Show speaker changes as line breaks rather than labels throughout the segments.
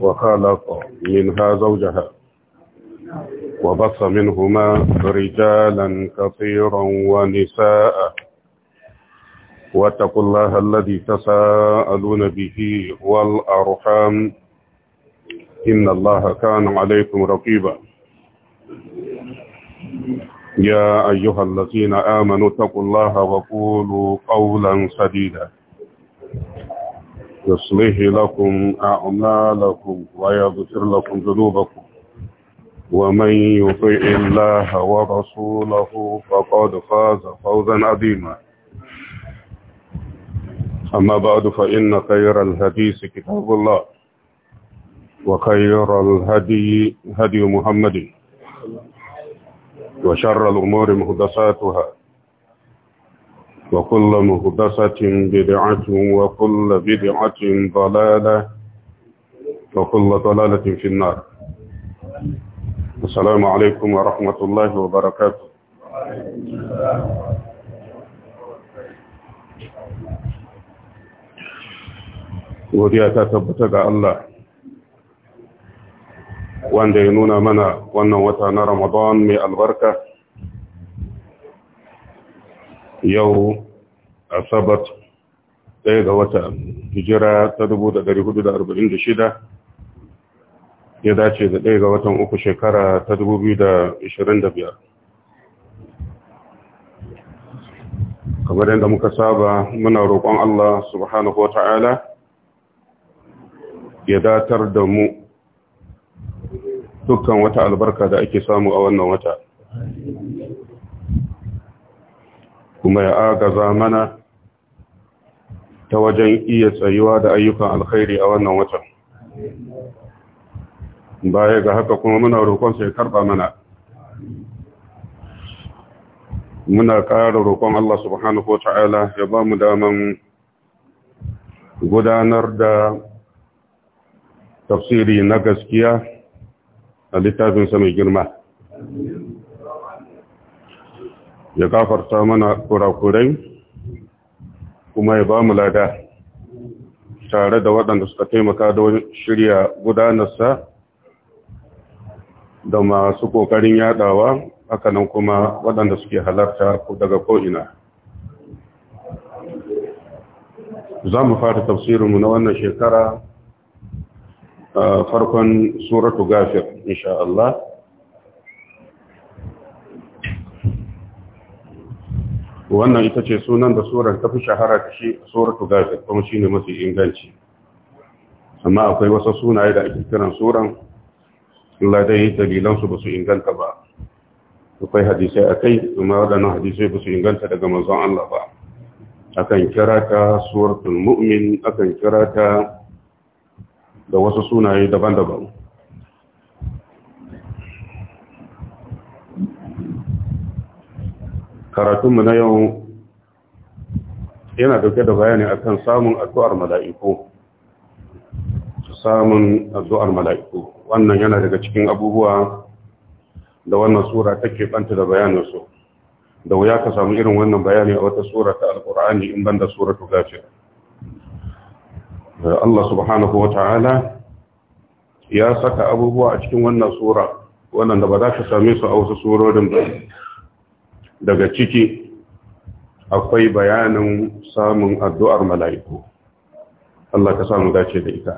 وخلق منها زوجها وبص منهما رجالا كثيرا ونساء واتقوا الله الذي تساءلون به والأرحام إن الله كان عليكم رقيبا يا أيها الذين آمنوا اتقوا الله وقولوا قولا سديدا يصلح لكم أعمالكم ويغفر لكم ذنوبكم ومن يطيع الله ورسوله فقد فاز فوزا عظيما أما بعد فإن خير الحديث كتاب الله وخير الهدي هدي محمد وشر الأمور محدثاتها وكل مهدسة بدعة وكل بدعة ضلالة وكل ضلالة في النار السلام عليكم ورحمة الله وبركاته godiya ta tabbata ga Allah wanda ya nuna mana wannan wata na Ramadan mai albarka yau asabar ɗaya ga wata hijira ta 1446 ya dace da ɗaya ga watan uku shekara ta 2025 kamar yadda muka saba muna roƙon Allah subhanahu wata'ala ya datar da mu dukkan wata albarka da ake samu a wannan wata kuma ya agaza mana ta wajen iya tsayuwa da ayyukan alkhairi a wannan watan baya ga haka kuma muna roƙonsa ya karɓa mana muna ƙara roƙon Allah subhanahu wa ta'ala ya ba mu daman gudanar da tafsiri na gaskiya a littafinsa mai girma ya gafarta mana kurakurai kuma ya ba mu lada tare da waɗanda suka taimaka don shirya gudanarsa da masu ƙoƙarin yaɗawa hakanan kuma waɗanda suke halarta daga ko'ina za mu fara tafsirinmu na wannan shekara farkon suratu gafir insha Allah wannan ita ce sunan da surar ta fi shahara ta shi ta gafir kuma shine mafi inganci amma akwai wasu sunaye da ake kiran suran Allah dai dalilan su basu inganta ba akwai hadisai akai kuma wadannan hadisai su inganta daga manzon Allah ba akan kira ta suratul mu'min akan kira ta da wasu sunaye daban-daban karatunmu na yau yana dauke da bayani akan samun addu'ar mala'iku samun addu'ar mala'iku wannan yana daga cikin abubuwa da wannan sura take banta da bayaninsu da wuya ka samu irin wannan bayani a wata sura ta alkur'ani in banda suratu gafir Allah subhanahu wa ta'ala ya saka abubuwa a cikin wannan sura wannan da ba za ka same su a wasu surorin ba daga ciki akwai bayanin samun addu'ar mala'iku Allah ka samu dace da ita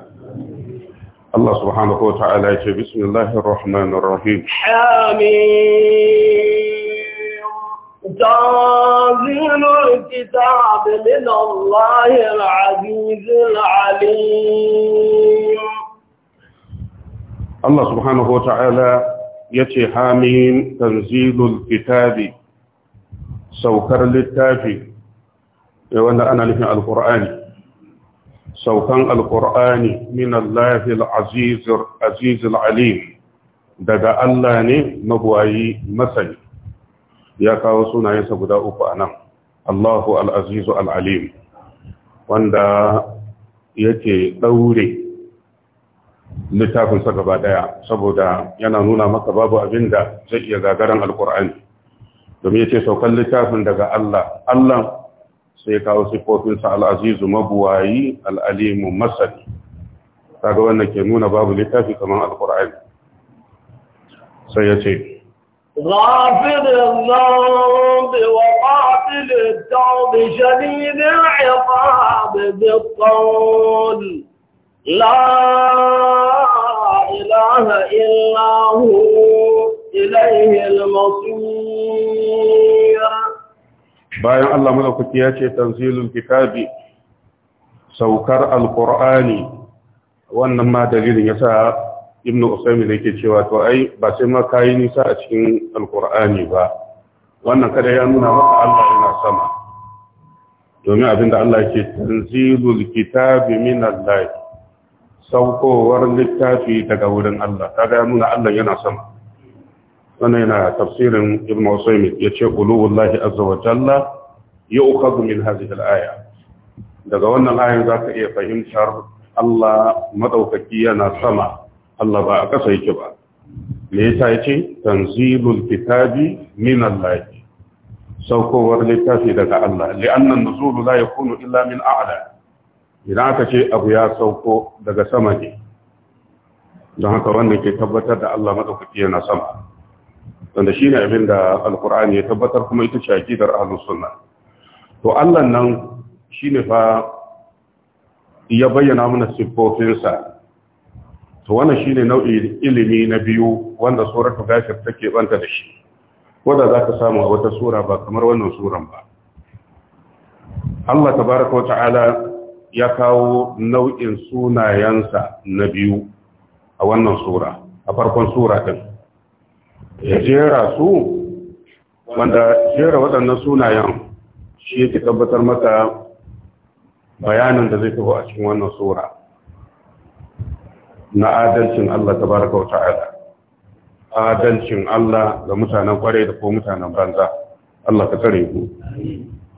Allah subhanahu wa ta'ala ya ce bismillahir rahmanir rahim
تنزيل الكتاب من الله العزيز العليم
الله سبحانه وتعالى يتي حامين تنزيل الكتاب saukar littafi eh, wanda ana nufin alkur'ani saukan alkur'ani min allahil azizul alim daga allah ne magwayi masani ya kawo sunayensa guda uku a nan allahu al'azizu al'alim wanda yake ɗaure littafinsa gaba ɗaya saboda yana nuna maka babu abin da zai iya gagarin alkur'ani domin ya ce saukan littafin daga Allah Allah sai kawo siffofinsa al'azizu mabuwayi al'alimu masani kaga wannan ke nuna babu littafi kamar alkur'ani
sai ya ce غافر الذنب وقاتل التوب شديد العقاب بالقول لا إله إلا هو
bayan Allah madaukaki ya ce tanzilul kitabi saukar alqur'ani wannan ma dalilin yasa ibnu usaymin yake cewa to ai ba sai ma kai nisa a cikin alqur'ani ba wannan kada ya nuna maka Allah yana sama domin abinda Allah yake tanzilul kitabi min Allah saukowar littafi daga wurin Allah kaga ya nuna Allah yana sama wannan yana tafsirin ibn Usaymin yace qulubullahi azza wa jalla yu'khadhu min hadhihi aya daga wannan ayan zaka iya fahimtar Allah maɗaukaki yana sama Allah ba a kasa yake ba me yasa yace tanzilul kitabi min Allah saukowar littafi daga Allah li'annan nuzulu la yakunu illa min a'la idan aka ce abu ya sauko daga sama ne don haka wannan ke tabbatar da Allah maɗaukaki yana sama wanda shi ne abin da alkur'ani ya tabbatar kuma ita ce da ahlus sunna to Allah nan shine fa ya bayyana mana siffofinsa to wannan ne nau'in ilimi na biyu wanda suratul ghafir take banta da shi za zaka samu a wata sura ba kamar wannan suran ba Allah tabaaraka wata'ala ya kawo nau'in sunayensa na biyu a wannan sura a farkon tsora ɗin ya jera su wanda jera waɗannan sunayen shi yake tabbatar maka bayanin da zai taho a cikin wannan sura na adalcin Allah ta baraka wa ta'ala adalcin Allah ga mutanen ƙwarai da ko mutanen banza Allah ka tsare ku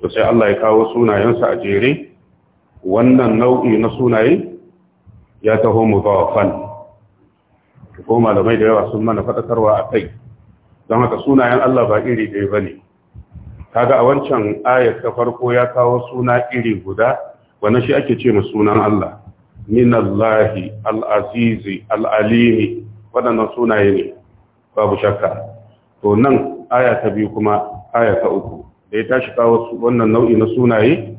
da sai Allah ya kawo sunayensa a jere wannan nau'i na sunaye ya taho mu mudafan ko malamai da yawa sun mana fadakarwa a kai don haka sunayen Allah ba iri ɗaya ba ne kaga a wancan ayat ta farko ya kawo suna iri guda wannan shi ake ce sunan Allah minallahi al'azizi al'alimi waɗannan sunaye ne babu shakka to nan aya ta biyu kuma aya ta uku da ya tashi kawo wannan nau'i na sunaye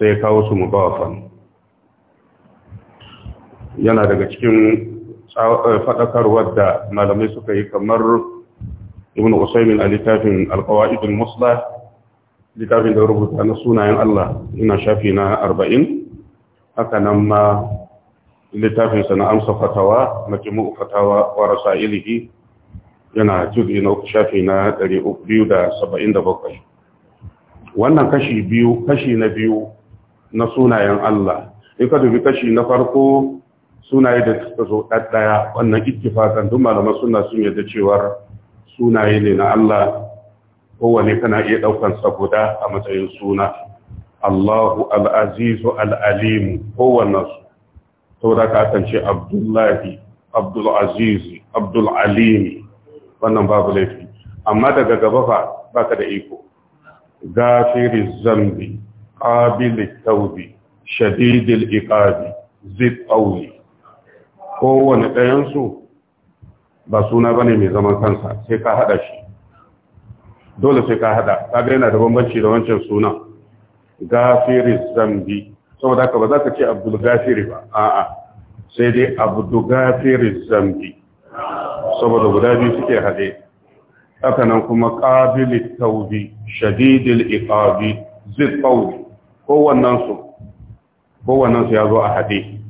sai ya kawo su mubawafan yana daga cikin eh, faɗakarwar da malamai suka yi kamar ibn usaymin a littafin alqawaidul muslah littafin da rubuta na sunayen Allah ina shafi na arba'in. haka nan ma littafin sa na amsa fatawa majmu'u fatawa wa rasailihi yana juz'i na shafi na 277 wannan kashi biyu kashi na biyu na sunayen Allah in ka dubi kashi na farko sunaye da suka zo ɗaɗɗaya wannan ittifaqan duk malaman suna sun yarda cewar sunaye ne na Allah kowane kana iya ɗaukan guda a matsayin suna Allahu al'azizu al'alimu kowane su saboda ka ce abdullahi Abdullazizi Abdullalimi, wannan babu laifi amma daga gaba fa baka da iko gafirin zambi ƙabilin taubi shadidil Ikabi, zid auli kowane ɗayansu ba suna ba ne mai zaman kansa sai ka haɗa shi dole sai ka hada kaga yana da bambanci da wancan suna Gafiris zambi saboda haka ba za ka ce abdul gafiri ba a'a sai dai abdul gafiris zambi saboda guda biyu suke hade haka nan kuma qabili Taubi, shadidil iqabi zid tawbi kowannen su kowannen su ya zo a hade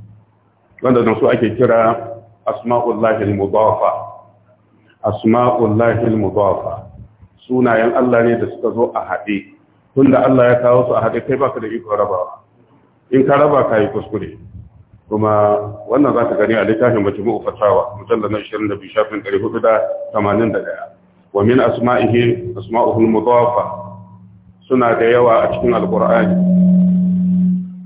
wanda don su ake kira asma'ullahi al-mudafa asma'ullahi al-mudafa sunayen Allah ne da suka zo a haɗe tunda Allah ya kawo su a haɗe kai baka da iko rabawa in ka raba ka yi kuskure kuma wannan za ka gani a littafin majmu'u fatawa mujallal na 22 shafin 481 wa min asma'ihi asma'uhul mudafa suna da yawa a cikin alqur'ani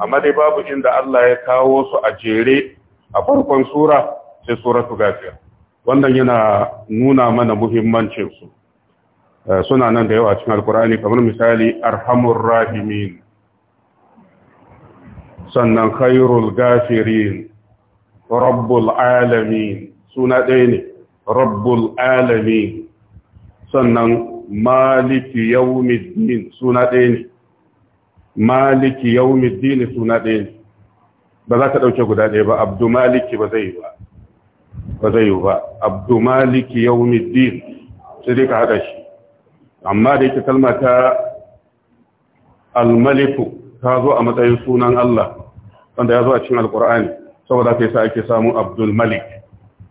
amma dai babu inda Allah ya kawo su a jere a farkon sura sai suratu ghafir wannan yana nuna mana muhimmancinsu eh, suna nan da yawa cikin alkur'ani kamar misali arhamur rahimin sannan khairul gafirin rabbul alamin suna ɗaya ne rabbul alamin sannan maliki yawmiddin suna ɗaya ne maliki yawmiddin suna ɗaya ne ba za ka ɗauke guda ɗaya ba abdu maliki ba zai ba ba zai yi ba abdu maliki yawmiddin sai dai ka haɗa shi amma da yake kalma ta al ta zo a matsayin sunan Allah wanda ya zo a cikin alkur'ani saboda kai sa ake samun Abdulmalik.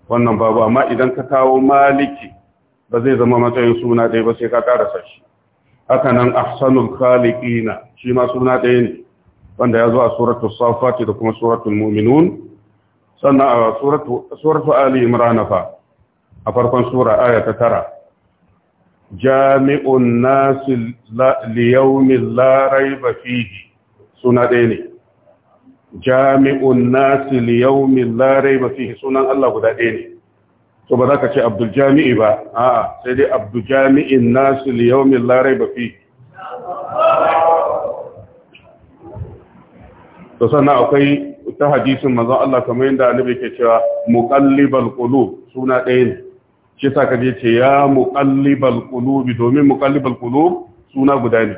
wannan babu amma idan ka kawo maliki ba zai zama matsayin suna ɗaya ba sai ka karasa shi haka nan ahsanul khaliqina shi ma suna ɗaya ne wanda ya zo a suratul safati da kuma suratul mu'minun sannan a suratu ali imran fa a farkon sura aya ta tara jami'un nasi li larai la raiba fihi suna ɗaya ne jami'un nasi li larai la raiba fihi sunan Allah guda ɗaya ne to ba za ka ce abdul jami'i ba a'a sai dai abdul jami'in nasi li larai la raiba fihi to sannan akwai ta hadisin manzon Allah kamar yadda annabi ke cewa muqallibal qulub suna ɗaya ne shi sa kaje ce ya muqallibal qulubi domin muqallibal qulub suna guda ne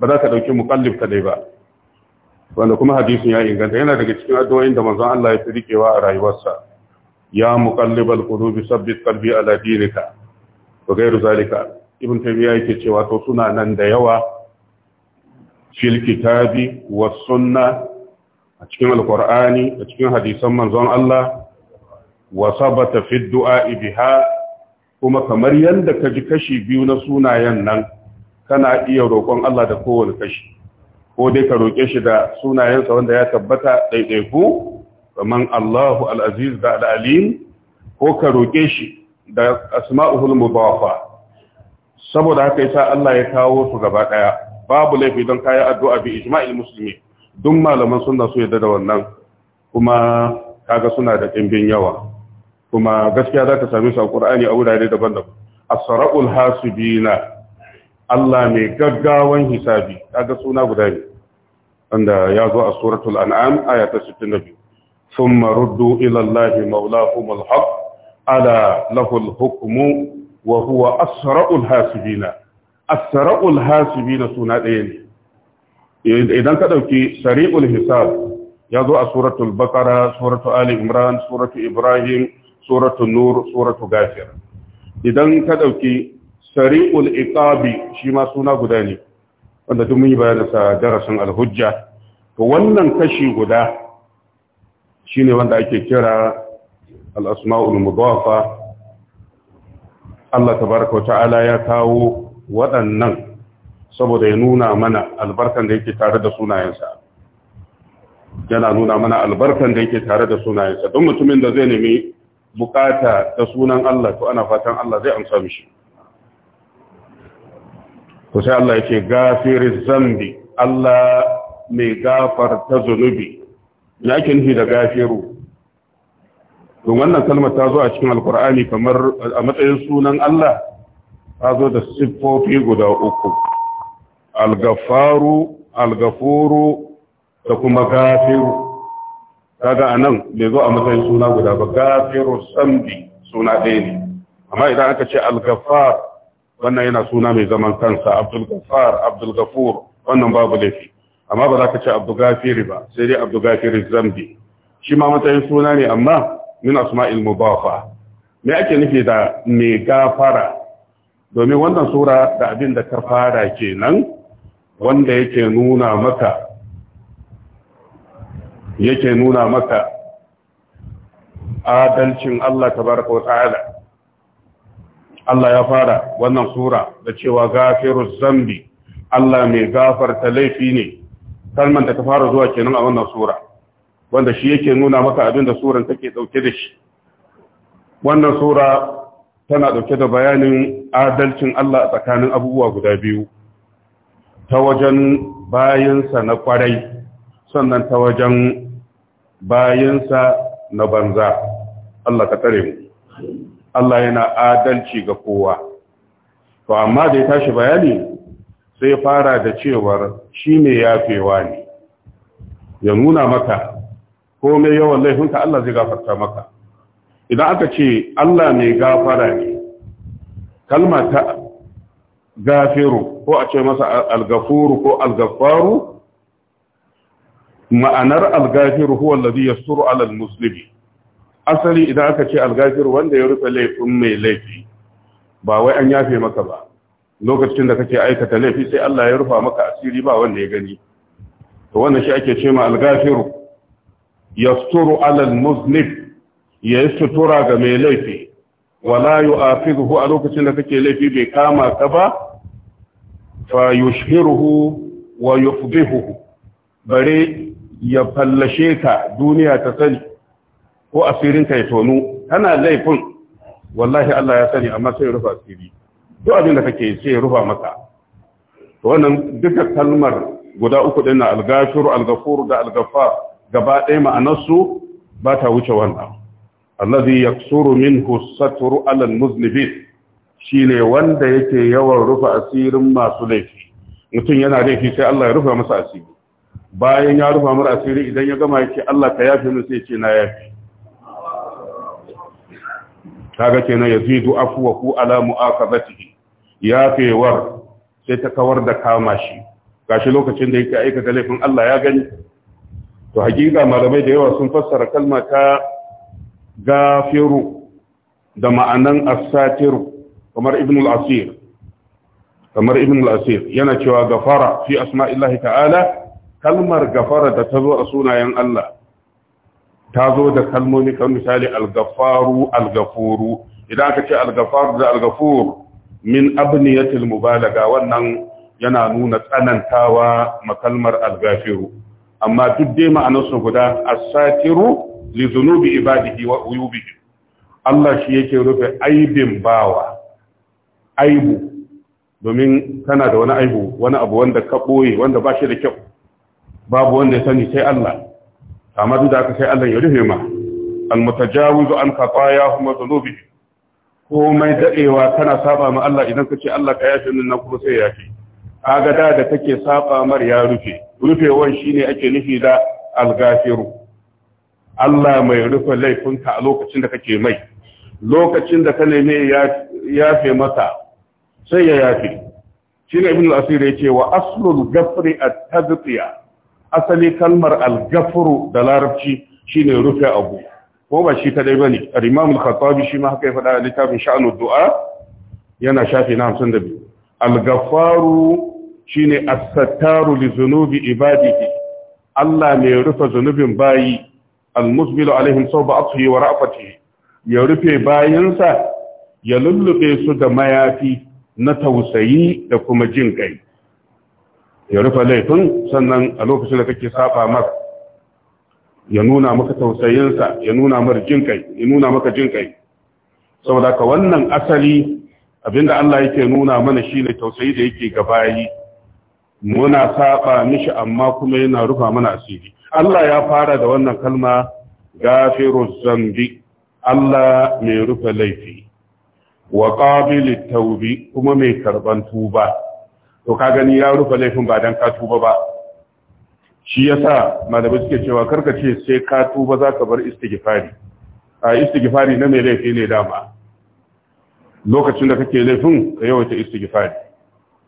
ba za ka dauki muqallib dai ba wanda kuma hadisin ya inganta yana daga cikin addu'o'in da manzon Allah ya a rayuwarsa ya muqallibal qulubi sabbit qalbi ala dinika wa ghayru zalika ibn taymiya yake cewa to suna nan da yawa fil kitabi was sunnah a cikin alkur'ani a cikin hadisan manzon Allah wa sabata fi du'a biha kuma kamar yanda ka ji kashi biyu na sunayen nan kana iya roƙon Allah da kowane kashi ko dai ka roƙe shi da sunayensa wanda ya tabbata ɗaiɗaiku kaman Allahu al-Aziz da al-Alim ko ka roƙe shi da asma'ul mubawafa saboda haka yasa Allah ya kawo su gaba daya babu laifi don kayan addu'a bi ijma'il musulmi duk malaman suna su yadda da wannan kuma kaga suna da ɗimbin yawa kuma gaskiya za ka sami su a ƙur'ani a wurare daban-daban A saraul hasibina Allah mai gaggawan hisabi kaga suna guda ne wanda ya zo a suratul an'am aya ta 62 thumma ruddu ilallahi allahi mawlahumul haqq ala lahul hukmu wa huwa as hasibina asra'ul saraul hasibina suna ɗaya ne idan ka ɗauki sari'ul hisab ya zo a suratul bakara suratul ali imran suratul ibrahim suratul nur suratul gafir idan ka ɗauki sari'ul iqabi shi ma suna guda ne wanda duk mun yi bayanin sa darasin alhujja to wannan kashi guda shine wanda ake kira al-asma'ul mudafa Allah tabaraka wa ta'ala ya kawo waɗannan saboda ya nuna mana albarkan da yake tare da sunayensa yana nuna mana albarkan da yake tare da sunayensa don mutumin da zai nemi bukata da sunan Allah to ana fatan Allah zai amsa mishi Ko sai Allah yake gafirin zambi Allah mai gafarta zunubi yake nufi da gafiru don wannan kalmar ta zo a cikin alkur'ani kamar a matsayin sunan Allah ta zo da siffofi guda uku algafaru Algafuru, da kuma gafiru kaga anan me zo a matsayin suna guda ba gafiru sambi suna ɗaya ne amma idan aka ce Algafar, wannan yana suna mai zaman kansa abdul Abdulgafur, abdul wannan babu laifi amma ba za ka ce abdul gafiri ba sai dai abdul gafiri zambi shi ma matsayin suna ne amma min asma'il mubafa me ake nufi da me gafara domin wannan sura da abin da ta fara kenan wanda yake nuna maka yake nuna maka adalcin Allah tabaraka wa ta'ala Allah ya fara wannan sura da cewa gafiruz zambi Allah mai gafarta laifi ne kalman da ta fara zuwa kenan a wannan sura wanda shi yake nuna maka abin da suran take dauke da shi wannan sura tana dauke da bayanin adalcin Allah tsakanin abubuwa guda biyu ta wajen bayansa na kwarai sannan ta wajen bayansa na banza Allah ka tare mu Allah yana adalci ga kowa to amma da ya tashi bayani sai fara da cewar shi ne yafewa ne ya nuna maka ko mai yawan laifinka Allah zai gafarta maka idan aka ce Allah mai gafara ne kalma ta gafiru ko a ce masa algafuru ko algafaru ma'anar algafiru huwa ya suru alal almuslimi asali idan aka ce algafiru wanda ya rufe laifin mai laifi ba wai an yafe maka ba lokacin da kake aikata laifi sai Allah ya rufa maka asiri ba wanda ya gani to wannan shi ake ce ma algafiru suru alal almuslimi ya yi sutura ga mai laifi wala yi a a lokacin da kake laifi bai kama ka ba fa wa yufdihuhu bare ya fallashe ka duniya ta sani ko asirinka ya tonu kana laifin wallahi Allah ya sani amma sai rufa asiri duk abin da kake sai rufa maka to wannan duka kalmar guda uku din na al-gashir da algafa gaba ɗaya ma'anarsu ba ta wuce wannan allazi yaksuru minhu satru ala al Shi ne wanda yake yawan rufe asirin masu laifi mutum yana laifi sai Allah ya rufe masa asiri bayan ya rufe mara asiri idan ya gama yake Allah ka yafe min sai ce na yafe kaga kenan yazidu afwahu ala mu'aqabatihi yafewar sai ta kawar da kama shi gashi lokacin da yake da laifin Allah ya gani to hakika malamai da yawa sun fassara kalma ta gafiru da ma'anan asatiru kamar Ibnul asir kamar Ibnul asir yana cewa gafara fi asma'illahi ta'ala kalmar gafara da ta zo a sunayen Allah ta zo da kalmomi kan misali al-gafaru al-gafuru idan aka ce al-gafaru da al-gafur min abniyatil mubalaga wannan yana nuna tsanantawa makalmar al-gafiru amma duk dai su guda as-satiru li zunubi ibadihi wa uyubihi Allah shi yake rufe aibin bawa aibu domin tana da wani aibu wani abu wanda ka ɓoye wanda ba shi da kyau babu wanda ya sani sai Allah amma duk da aka sai Allah ya rufe ma almutajawizu an khataya huma dhunubi komai dadewa kana saba ma Allah idan ka ce Allah ka yafe min na kuma sai yafe kaga da da kake saba mar ya rufe rufewan shine ake nufi da algafiru Allah mai rufe laifinka a lokacin da kake mai lokacin da ka neme yafe mata. sai ya yafi shi ne ibn asir ya ce wa aslul gafri at-tadqiya asali kalmar al-gafru da larabci shine rufe abu ko ba shi kadai bane al-imam al-khattabi shi ma haka ya faɗa a littafin sha'anud du'a yana shafi na 52 al gafaru shine as-sattaru li zunubi ibadihi Allah mai rufe zunubin bayi al-musbilu alaihim sawba athi wa ra'fatihi ya rufe bayinsa ya lullube su da mayafi na tausayi da kuma jin kai ya rufe laifin sannan a lokacin da kake safa maka ya nuna maka tausayinsa ya nuna maka jin kai ya nuna maka jin kai saboda ka wannan asali abinda Allah yake nuna mana shine tausayi da yake gabayi muna saba mishi amma kuma yana rufa mana asiri Allah ya fara da wannan kalma gafiru zambi Allah mai rufe laifi wa qabilit tawbi kuma mai karban tuba to ka gani ya rufe laifin ba dan ka tuba ba shi yasa malamai suke cewa karka ce sai ka tuba zaka bar istighfari a istighfari na mai laifi ne dama lokacin da kake laifin ka yawaita istighfari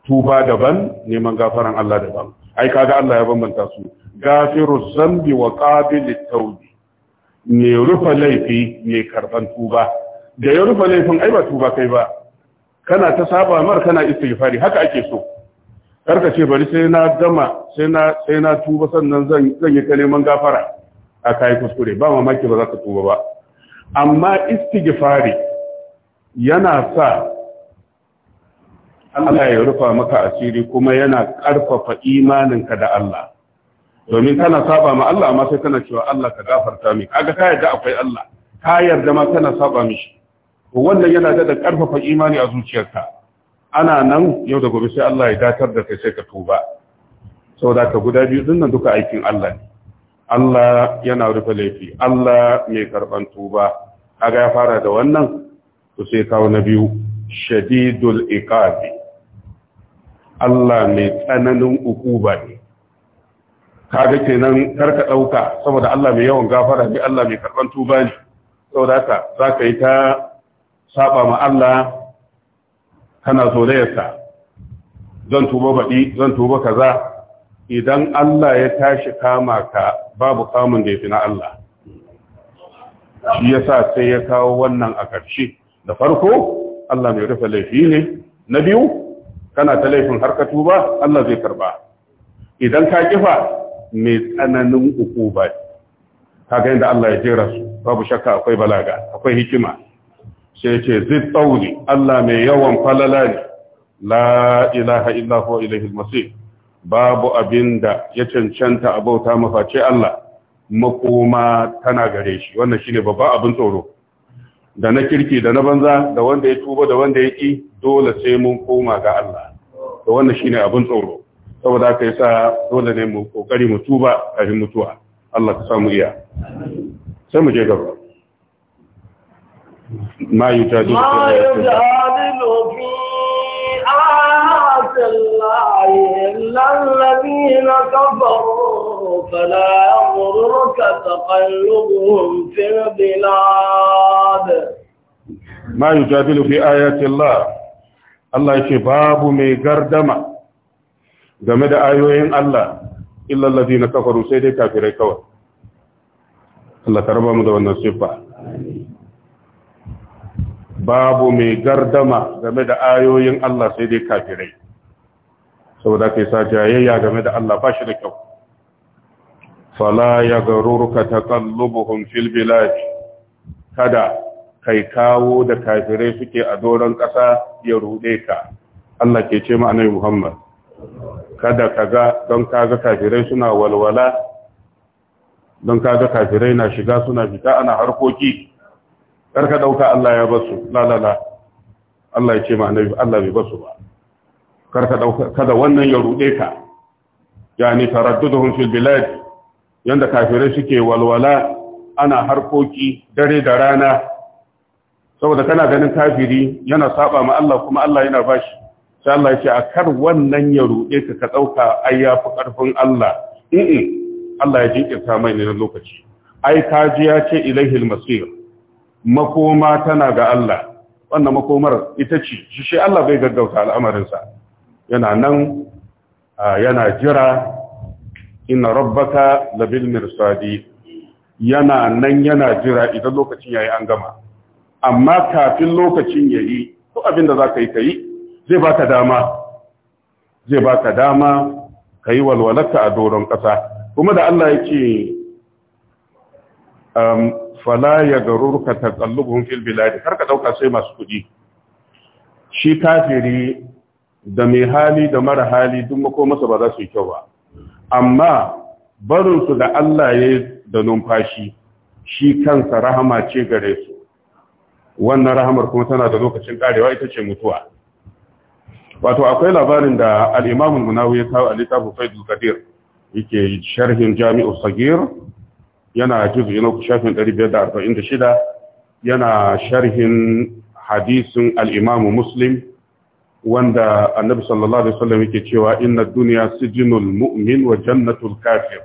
tuba daban neman gafaran Allah daban ai kaga Allah ya bambanta su gafiru zambi wa qabilit tawbi ne rufe laifi ne karban tuba da ya rufe laifin ai ba tuba kai ba kana ta saba mar kana istighfari haka ake so karka ce bari sai na gama sai na sai na tuba sannan zan zan yi kaleman gafara a kai kuskure ba mamaki ba za ka tuba ba amma istighfari yana sa Allah ya rufa maka asiri kuma yana ƙarfafa imaninka da Allah domin kana saba ma Allah amma sai kana cewa Allah ka gafarta min kaga ka yarda akwai Allah ka yarda ma kana saba mishi wannan yana da karfafa imani a zuciyarka ana nan yau da gobe sai Allah ya datar da kai sai ka tuba saboda ka guda biyu din nan duka aikin Allah ne Allah yana rufe laifi Allah mai karban tuba kaga ya fara da wannan to sai kawo na biyu shadidul iqabi Allah mai tsananin ukuba ne kaga kenan karka dauka saboda Allah mai yawan gafara ne Allah mai karban tuba ne saboda haka zaka yi ta saba ma Allah kana zolayarsa zan tuba baɗi zan tuba kaza idan Allah ya tashi kama ka babu kamun da ya fi na Allah shi ya sa sai ya kawo wannan a ƙarshe da farko Allah mai rufe laifi ne na biyu kana ta laifin har ka tuba Allah zai karba idan ka kifa mai tsananin uku ba kaga yadda Allah ya jera su babu shakka akwai balaga akwai hikima sai ce zai tsauri Allah mai yawan falala ne la ilaha illahu ilaihi masir babu abinda ya cancanta a bauta maface Allah makoma tana gare shi wannan shine babba abin tsoro da na kirki da na banza da wanda ya tuba da wanda ya ki dole sai mun koma ga Allah to wannan shine abin tsoro saboda haka yasa dole ne mu kokari mu tuba kafin mutuwa Allah ka samu iya sai mu je gaba ma yi ta dukkan ma yi
zalilofi a tsallaye
Allah ya ce babu mai gardama game da ayoyin Allah illallazi na kafaru sai dai kafirai kawai Allah ka raba mu da wannan siffa babu mai gardama game da ayoyin Allah sai dai kafirai saboda kai sa jayayya game da Allah ba shi da kyau fala ya garuruka taqallubuhum fil bilad kada kai kawo da kafirai suke a doron ƙasa ya rude ka Allah ke ce ma annabi Muhammad kada kaga don kaga kafirai suna walwala don kaga kafirai na shiga suna fita ana harkoki karka ɗauka Allah ya basu la Allah ya ce ma annabi Allah bai basu ba karka dauka kada wannan ya rude ka yani taraddudun fil bilad yanda kafirai suke walwala ana harkoki dare da rana saboda kana ganin kafiri yana saba ma Allah kuma Allah yana bashi sai Allah ya ce a kar wannan ya rude ka ka dauka ai yafi karfin Allah Allah ya jinkirta mai ne na lokaci ai kaji ya ce ilaihil masir makoma tana ga Allah wannan makomar ita ce shi Allah bai gaggauta al'amarinsa yana nan yana jira inna rabbaka labil mirsadi yana nan yana jira idan lokacin yayi an gama amma kafin lokacin yayi duk abin da ka yi kai zai baka dama zai baka dama kai walwalarka a doron kasa kuma da Allah yake um fala ya garurka taqallubuhum fil bilad kar ka dauka sai masu kudi shi kafiri da mai hali da mara hali duk masa ba za su yi kyau ba amma barinsu da Allah ya da numfashi shi kansa rahama ce gare su wannan rahamar kuma tana da lokacin karewa ita ce mutuwa wato akwai labarin da al-Imam munawi ya kawo a littafin Faidul Qadir yake sharhin jami'u sagir yana juzu na shafin 546 yana sharhin hadisin al'imamu muslim wanda annabi sallallahu alaihi wasallam yake cewa inna duniya sijinul mu'min wa jannatul kafir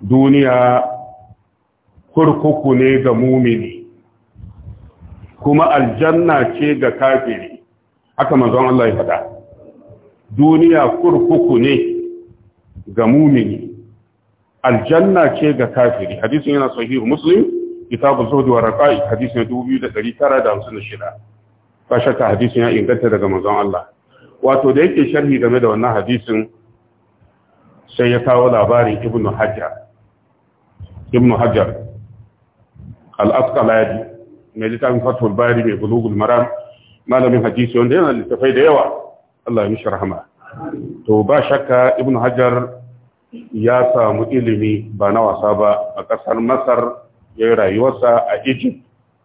duniya kurkuku ne ga mumini kuma aljanna ce ga kafiri haka manzon Allah ya faɗa duniya kurkuku ne ga mumini aljanna ce ga kafiri hadisin yana sahih muslim kitabu zuhd wa raqa'i hadisin 2956 ba shakka hadisin ya inganta daga manzon Allah wato da yake sharhi game da wannan hadisin sai ya kawo labarin ibnu hajar ibnu hajar al-asqalani mai littafin fathul bari mai bulugul maram malamin hadisi wanda yana littafai da yawa Allah ya mishi rahama to ba shakka ibnu hajar ya samu ilimi ba na wasa ba a ƙasar masar ya yi rayuwarsa a egypt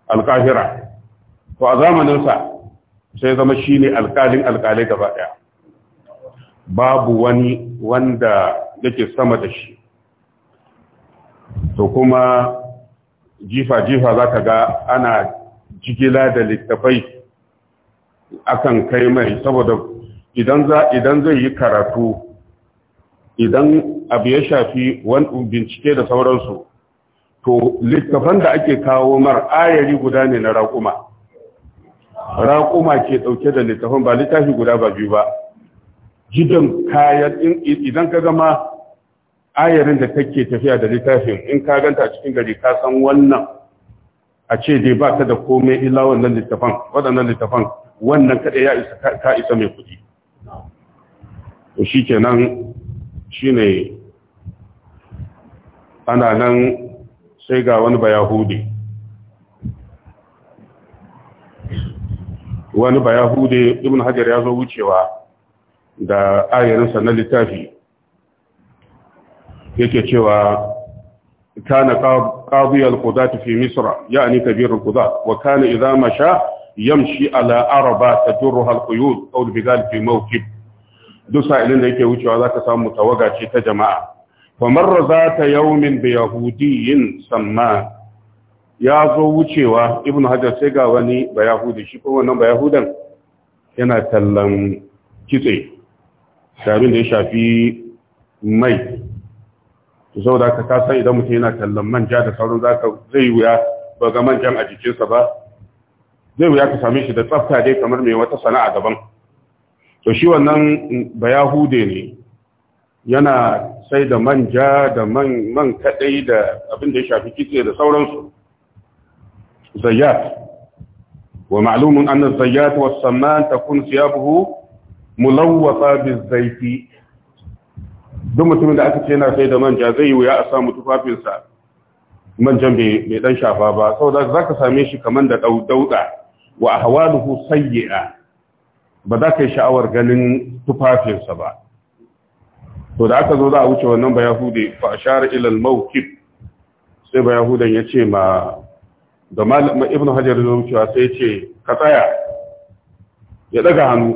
alkahira to a zamaninsa sai zama shi ne alkalin alkalai gaba ɗaya babu wani wanda yake sama da shi to kuma jifa-jifa za ka ga ana jigila da littafai akan kai mai saboda idan zai yi karatu idan abu ya shafi bincike da sauransu to littafan da ake kawo mar ayari guda ne na raƙuma raƙuma ke ɗauke da littafan ba littafi guda ba biyu ba gidan kayan idan ka gama ayarin da kake tafiya da littafin in ka ganta a cikin gari ka san wannan a ce dai ba ka da komai illa wannan littafan waɗannan littafan wannan kaɗai ya isa ka isa mai kuɗi to shi kenan shi ne ana nan sai ga wani bayahudi wani bayahudi ibn hajar ya zo wucewa da ayarinsa na littafi yake cewa kana qadiyal qudati fi misra yani kabirul qudat wa kana idha masha yamshi ala arba tajruha alquyud aw bigal fi mawqif dusa ilin da yake wucewa zaka samu tawaga ce ta jama'a wa marra zata yawmin Yahudi yin samma ya zo wucewa Ibn hajar sai ga wani ba shi kuma wannan Bayahudan yana tallan kitse sabin da ya shafi mai saboda ka kasan idan mutum yana tallan manja da sauran zaka zai wuya ba ga manjan a jikinsa ba zai wuya ka same shi da tsafta dai kamar mai wata sana'a daban to shi wannan Bayahude ne yana sai da manja da man kadai da abin da ya shafi kitse da sauransu zayyat wa ma'lumun anna zayyat wa samman takun siyabuhu mulawwafa bizaiti duk mutumin da aka ce yana sai da manja zai yi wuya a samu tufafinsa manjan bai dan shafa ba saboda zaka same shi kaman da dauda wa ahwaluhu sayyi'a ba za ka yi sha'awar ganin tufafinsa ba to da aka zo za a wuce wannan ba yahudi fa ashara ila al-mawqif sai ba yahudan ya ce ma da malam ibn hajar ya wucewa sai ce ka tsaya ya daga hannu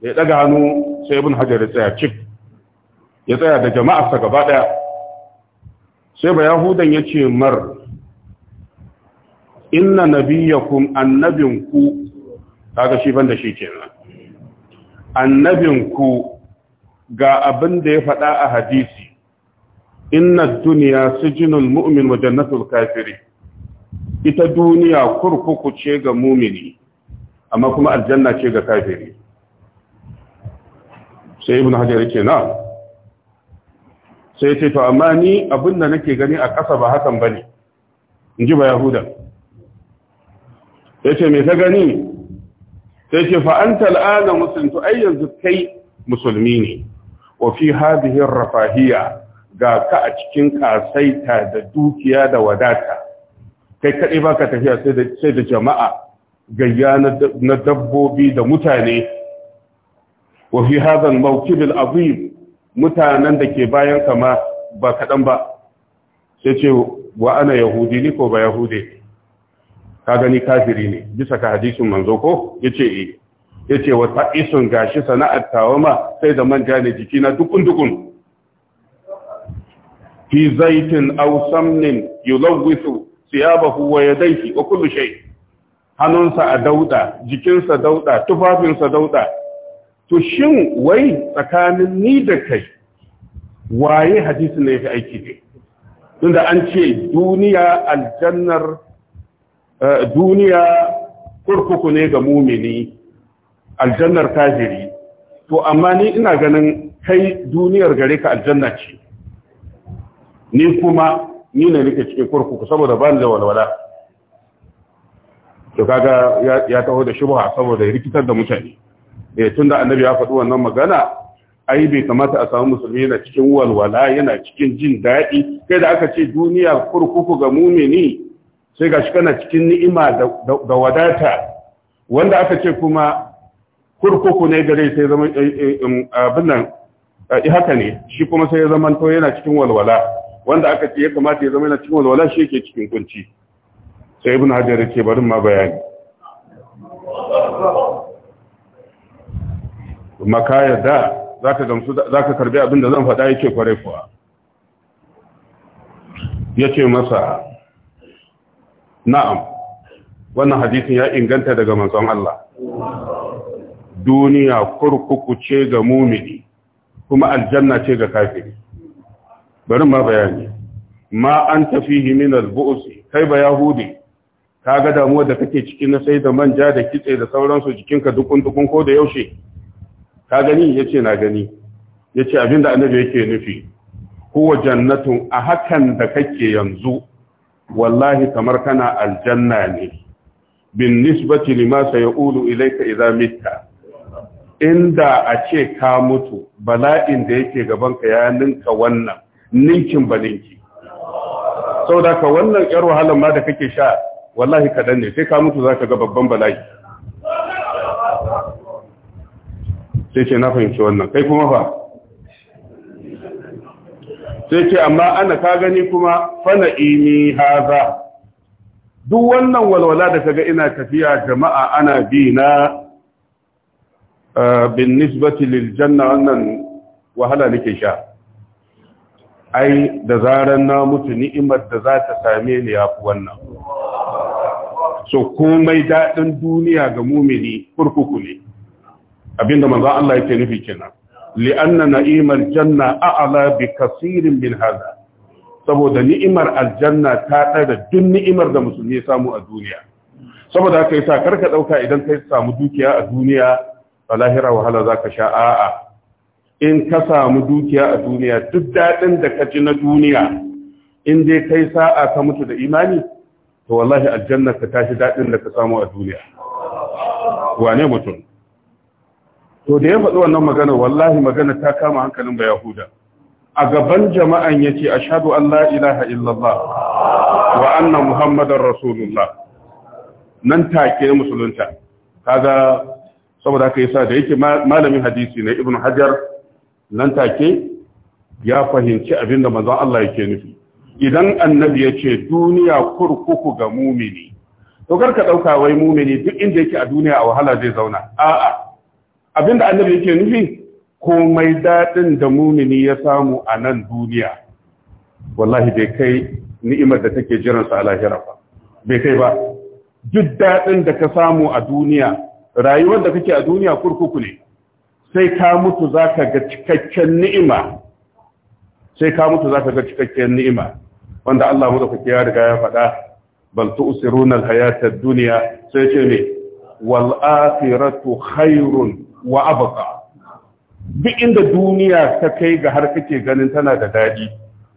ya daga hannu sai ibn hajar ya tsaya cif ya tsaya da jama'arsa gaba daya sai ba yahudan ya ce mar inna nabiyakum annabinku kaga shi banda shi kenan annabinku ga abin da ya faɗa a hadisi inna duniya sijinul mu'min wa jannatul kafiri ita duniya kurkuku ce ga mumini amma kuma aljanna ce ga kafiri sai ibn hajar yake na sai ce to amma ni abin da nake gani a ƙasa ba hakan bane in ji ba yahudan ya ce me ta gani sai ce fa'anta al'ada musulunta ai yanzu kai musulmi ne wa fi hadhihi rafahiya ga ka a cikin kasaita da dukiya da wadata kai ba baka tafiya sai da jama'a gayya na dabbobi da mutane wa fi hadha al al mutanen da ke bayan kama ba kaɗan ba sai ce wa ana yahudi ne ko ba yahudi ka gani kafiri ne bisa ka hadisin manzo ko yace eh ya ce wa ta'isun gashi sana'ar tawama sai da manja ne jikina dukun-dukun fi zaitin aw samnin yulawwisu siyabahu wa yadayhi wa kullu shai hannunsa a dauda jikinsa dauda tufafinsa dauda to shin wai tsakanin ni da kai waye hadisi ne fi aiki ne tunda an ce duniya aljannar eh, duniya kurkuku ne ga mumini aljannar kafiri to amma ni ina ganin kai duniyar gare ka aljanna ce ni kuma ni ne nake cikin kurkuku saboda ban da walwala to kaga ya taho da shubha saboda rikitar da mutane eh tunda annabi ya faɗi wannan magana ai bai kamata a samu musulmi yana cikin walwala yana cikin jin daɗi kai da aka ce duniya kurkuku ga mumini sai gashi kana cikin ni'ima da wadata wanda aka ce kuma kurkuku ne gare sai zama eh, eh, eh, mm, abin nan haka ne shi kuma sai zama to yana cikin walwala wanda aka ce ya kamata ya zama yana cikin walwala shi yake cikin kunci sai ibn hajar yake barin ma bayani makaya da zaka gamsu zaka karbi abin da zan faɗa yake kware kuwa ce masa na'am wannan hadisin ya inganta daga manzon Allah duniya kurkuku ce ga mumini kuma aljanna ce ga kafiri bari ma bayani ma an tafi min albu'si kai ba yahudi kaga damuwa da kake ciki na sai da manja da kitse da sauransu jikinka dukun dukun ko da yaushe ka gani ce na gani ce abinda annabi yake nufi huwa jannatun a hakan da kake yanzu wallahi kamar kana aljanna ne bin nisbati lima sayqulu ilayka idza mitta inda a ce ka mutu bala'in da yake ka ya ninka wannan ninkin ba ninki sau da ka wannan yar wahalar ma da kake sha wallahi kaɗan ne sai ka mutu za ka ga babban bala'i sai ce na fahimci wannan kai kuma fa sai ce amma ana ka gani kuma fana ini haza duk wannan walwala da kaga ina tafiya jama'a ana bi na bin nisbati janna wannan wahala nake sha ai da zarar na mutu ni'imar da zata same ni yafi wannan so komai daɗin duniya ga mumini kurkuku ne abinda manzo Allah yake nufi kenan li'anna Na'imar janna a'la bi kaseerin min hada saboda ni'imar aljanna ta ɗara duk ni'imar da musulmi ya samu a duniya saboda haka yasa karka dauka idan kai samu dukiya a duniya a lahira wahala za ka sha a'a in ka samu dukiya a duniya duk daɗin da ka ji na duniya in dai kai sa'a ka mutu da imani to wallahi aljanna ka tashi daɗin da ka samu a duniya wane mutum to da ya faɗi wannan magana wallahi magana ta kama hankalin ba yahuda a gaban jama'an ya ce a an Allah ilaha illallah wa anna muhammadar rasulullah nan take musulunta kaga saboda yi sa da yake malamin hadisi na ibn hajar nan take ya fahimci abin da manzon Allah yake nufi idan annabi ya ce duniya kurkuku ga mumini to ka dauka wai mumini duk inda yake a duniya a wahala zai zauna a abin da annabi yake nufi komai dadin da mumini ya samu a nan duniya wallahi bai kai ni'imar da take jiran sa a lahira ba bai kai ba duk dadin da ka samu a duniya rayuwar da kake a duniya kurkuku ne sai ka mutu za ka ga cikakken ni'ima sai ka mutu za ka ga cikakken ni'ima wanda Allah mu da ya riga ya faɗa bal tu'siruna al-hayata ad-dunya sai ce ne wal akhiratu khairun wa abqa duk inda duniya ta kai ga har kake ganin tana da dadi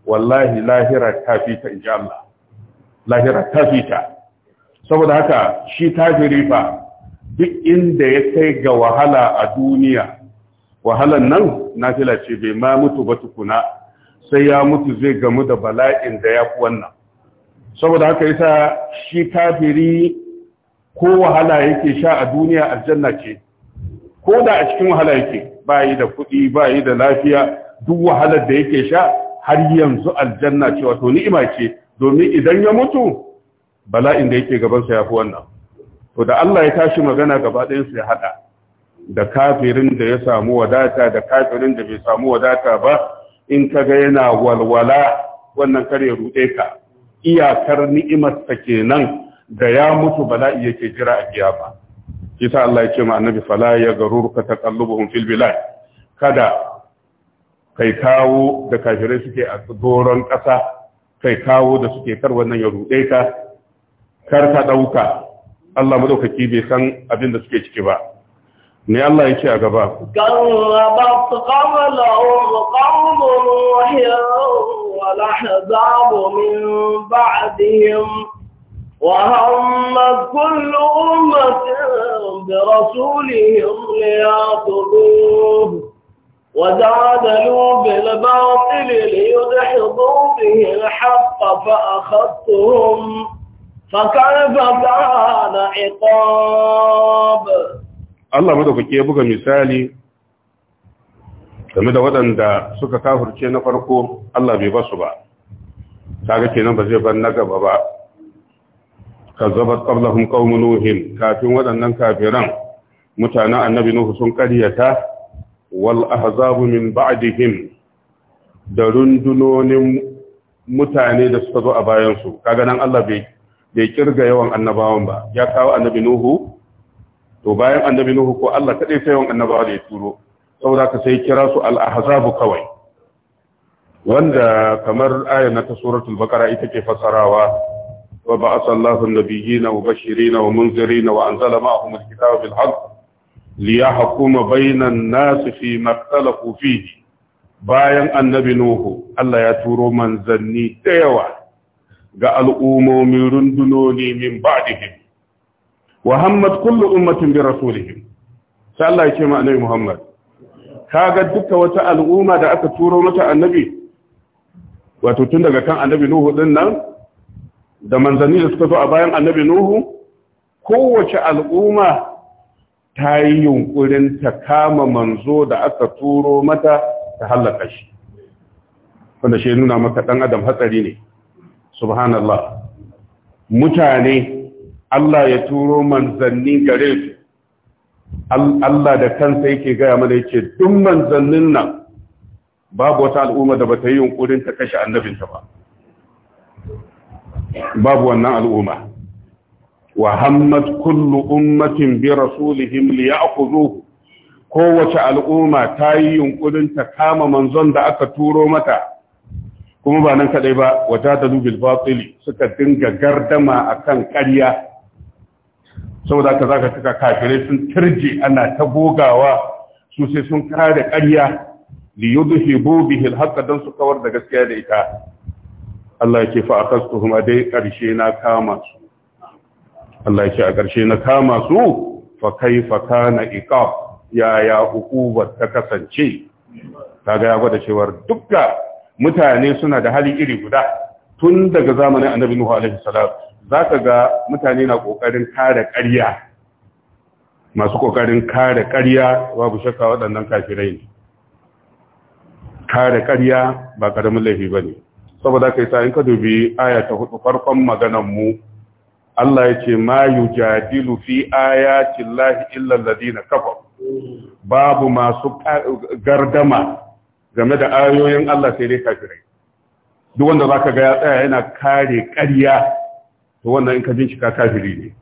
wallahi lahira ta fi ta insha Allah lahira ta fi ta saboda haka shi kafiri fa duk inda ya kai ga wahala a duniya wahalan nan nafila ce bai ma mutu ba tukuna sai ya mutu zai gamu da bala'in da ya fi wannan saboda haka yasa shi kafiri ko wahala yake sha a duniya aljanna ce ko da a cikin wahala yake yi da kuɗi yi da lafiya duk wahalar da yake sha har yanzu aljanna ce wato ni'ima ce domin idan ya mutu bala'in da yake gabansa ya fi wannan to da Allah ya tashi magana gaba ɗayan su ya haɗa, da kafirin da ya samu wadata da kafirin da bai samu wadata ba in ka ga yana walwala wannan kare ruɗe ka iyakar ni'imarsa kenan da ya mutu bala'i yake jira a kiyama kisa Allah ya ce ma annabi fala ya garurka taqallubuhum fil bilad kada kai kawo da kafirai suke a doron ƙasa kai kawo da suke kar wannan ya ruɗe ka kar ka ɗauka الله Allah madaukaki bai san abin da suke ciki قبلهم
قوم Allah والأحزاب من بعدهم وهم كل أمة برسولهم ليأخذوه وجادلوا بالباطل ليدحضوا به الحق فأخذتهم Allah
madaukake ya buga misali game da waɗanda suka kafurce na farko Allah bai ba su ba Ta ga kenan ba zai bar na gaba ba kazzabat qablahum qaum nuhin kafin waɗannan kafiran mutanen annabi nuhu sun ƙaryata wal ahzabu min ba'dihim da rundunonin mutane da suka zo a bayansu. Ka kaga nan Allah bai bai kirga yawan annabawan ba ya kawo annabi nuhu to bayan annabi nuhu ko Allah kadai sai yawan annabawa da ya turo saboda ka sai kira su al-ahzabu kawai wanda kamar aya na ta suratul baqara ita ke fasarawa wa ba'atha Allahu an-nabiyyina mubashirina wa munzirina wa anzala ma'ahum al-kitaba bil haqq bainan nas fi ma ikhtalafu fihi bayan annabi nuhu Allah ya turo manzanni da yawa ga al'umomi rundunoni min ba'dihim wa hammat kullum ummatin bi rasulihim sai Allah ya ce ma annabi Muhammad kaga duka wata al'umma da aka turo mata annabi wato tun daga kan annabi Nuhu din nan da manzanni da suka zo a bayan annabi Nuhu kowace al'umma ta yi yunkurin ta kama manzo da aka turo mata ta hallaka shi wanda shi nuna maka dan adam hatsari ne subhanallah mutane Allah ya turo manzanni gare su Allah da kansa yake gaya mana yake duk manzannin nan babu wata al'umma da bata yi yunkurin ta kashe annabinta ba babu wannan al'umma wa hammat kullu ummatin bi rasulihim li ya'khudhuhu kowace al'umma ta yi yunkurin ta kama manzon da aka turo mata kuma ba nan kadai ba wata da dubil batili suka dinga gardama akan ƙarya saboda ka zaka tuka kafirai sun tirje ana ta gogawa su sai sun kare ƙarya li yudhibu bihi alhaqqa dan su kawar da gaskiya da ita Allah yake fa akastuhum dai karshe na kama su Allah yake a karshe na kama su fa kaifa kana iqab ya ya hukubar ta kasance kaga ya gwada cewa dukkan mutane suna da hali iri guda tun daga zamanin annabi nuhu alaihi salam zaka ga mutane na kokarin kare ƙarya masu kokarin kare ƙarya babu shakka waɗannan kafirai ne kare ƙarya ba karamin laifi bane saboda kai sa in ka dubi aya ta hudu farkon maganar mu Allah ya ce ma yujadilu fi ayati llahi illa alladhina
kafaru
babu masu gardama game da ayoyin Allah sai dai kafirai duk wanda zaka ga ya tsaya yana kare ƙarya to wannan in ka bincika kafiri ne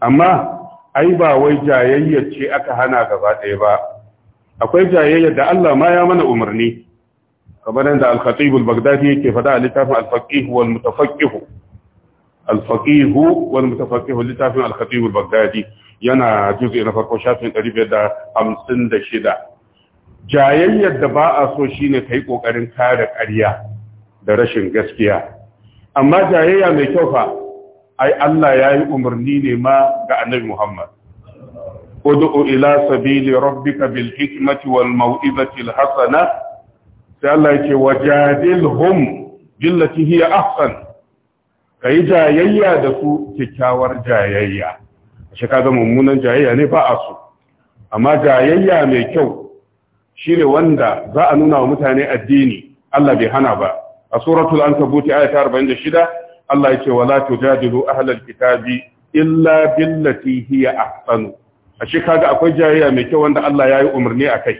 amma ai ba wai jayayyar ce aka hana gaba ɗaya ba akwai jayayyar da Allah ma ya mana umarni kamar da al-khatib al-baghdadi yake faɗa a littafin al-faqih wal mutafaqih al-faqih wal mutafaqih littafin al-khatib al-baghdadi yana juz'i na farko shafin 556 jayayyar da ba a so shine yi ƙoƙarin kare ƙarya da rashin gaskiya amma jayayya mai kyau fa ai Allah ya yi umarni ne ma ga Annabi Muhammad ud'u ila sabili rabbika bil hikmati wal mau'izatil al hasana sai Allah yake wajadilhum billati hiya ahsan kai jayayya da su kyakkyawar jayayya shi mummunan jayayya ne ba a so amma jayayya mai kyau shine wanda za a nuna wa mutane addini Allah bai hana ba a suratul ankabut ayat 46 Allah yace wala tujadilu ahlal kitabi illa billati hiya ahsanu ashe kaga akwai jayayya mai kyau wanda Allah yayi umarni akai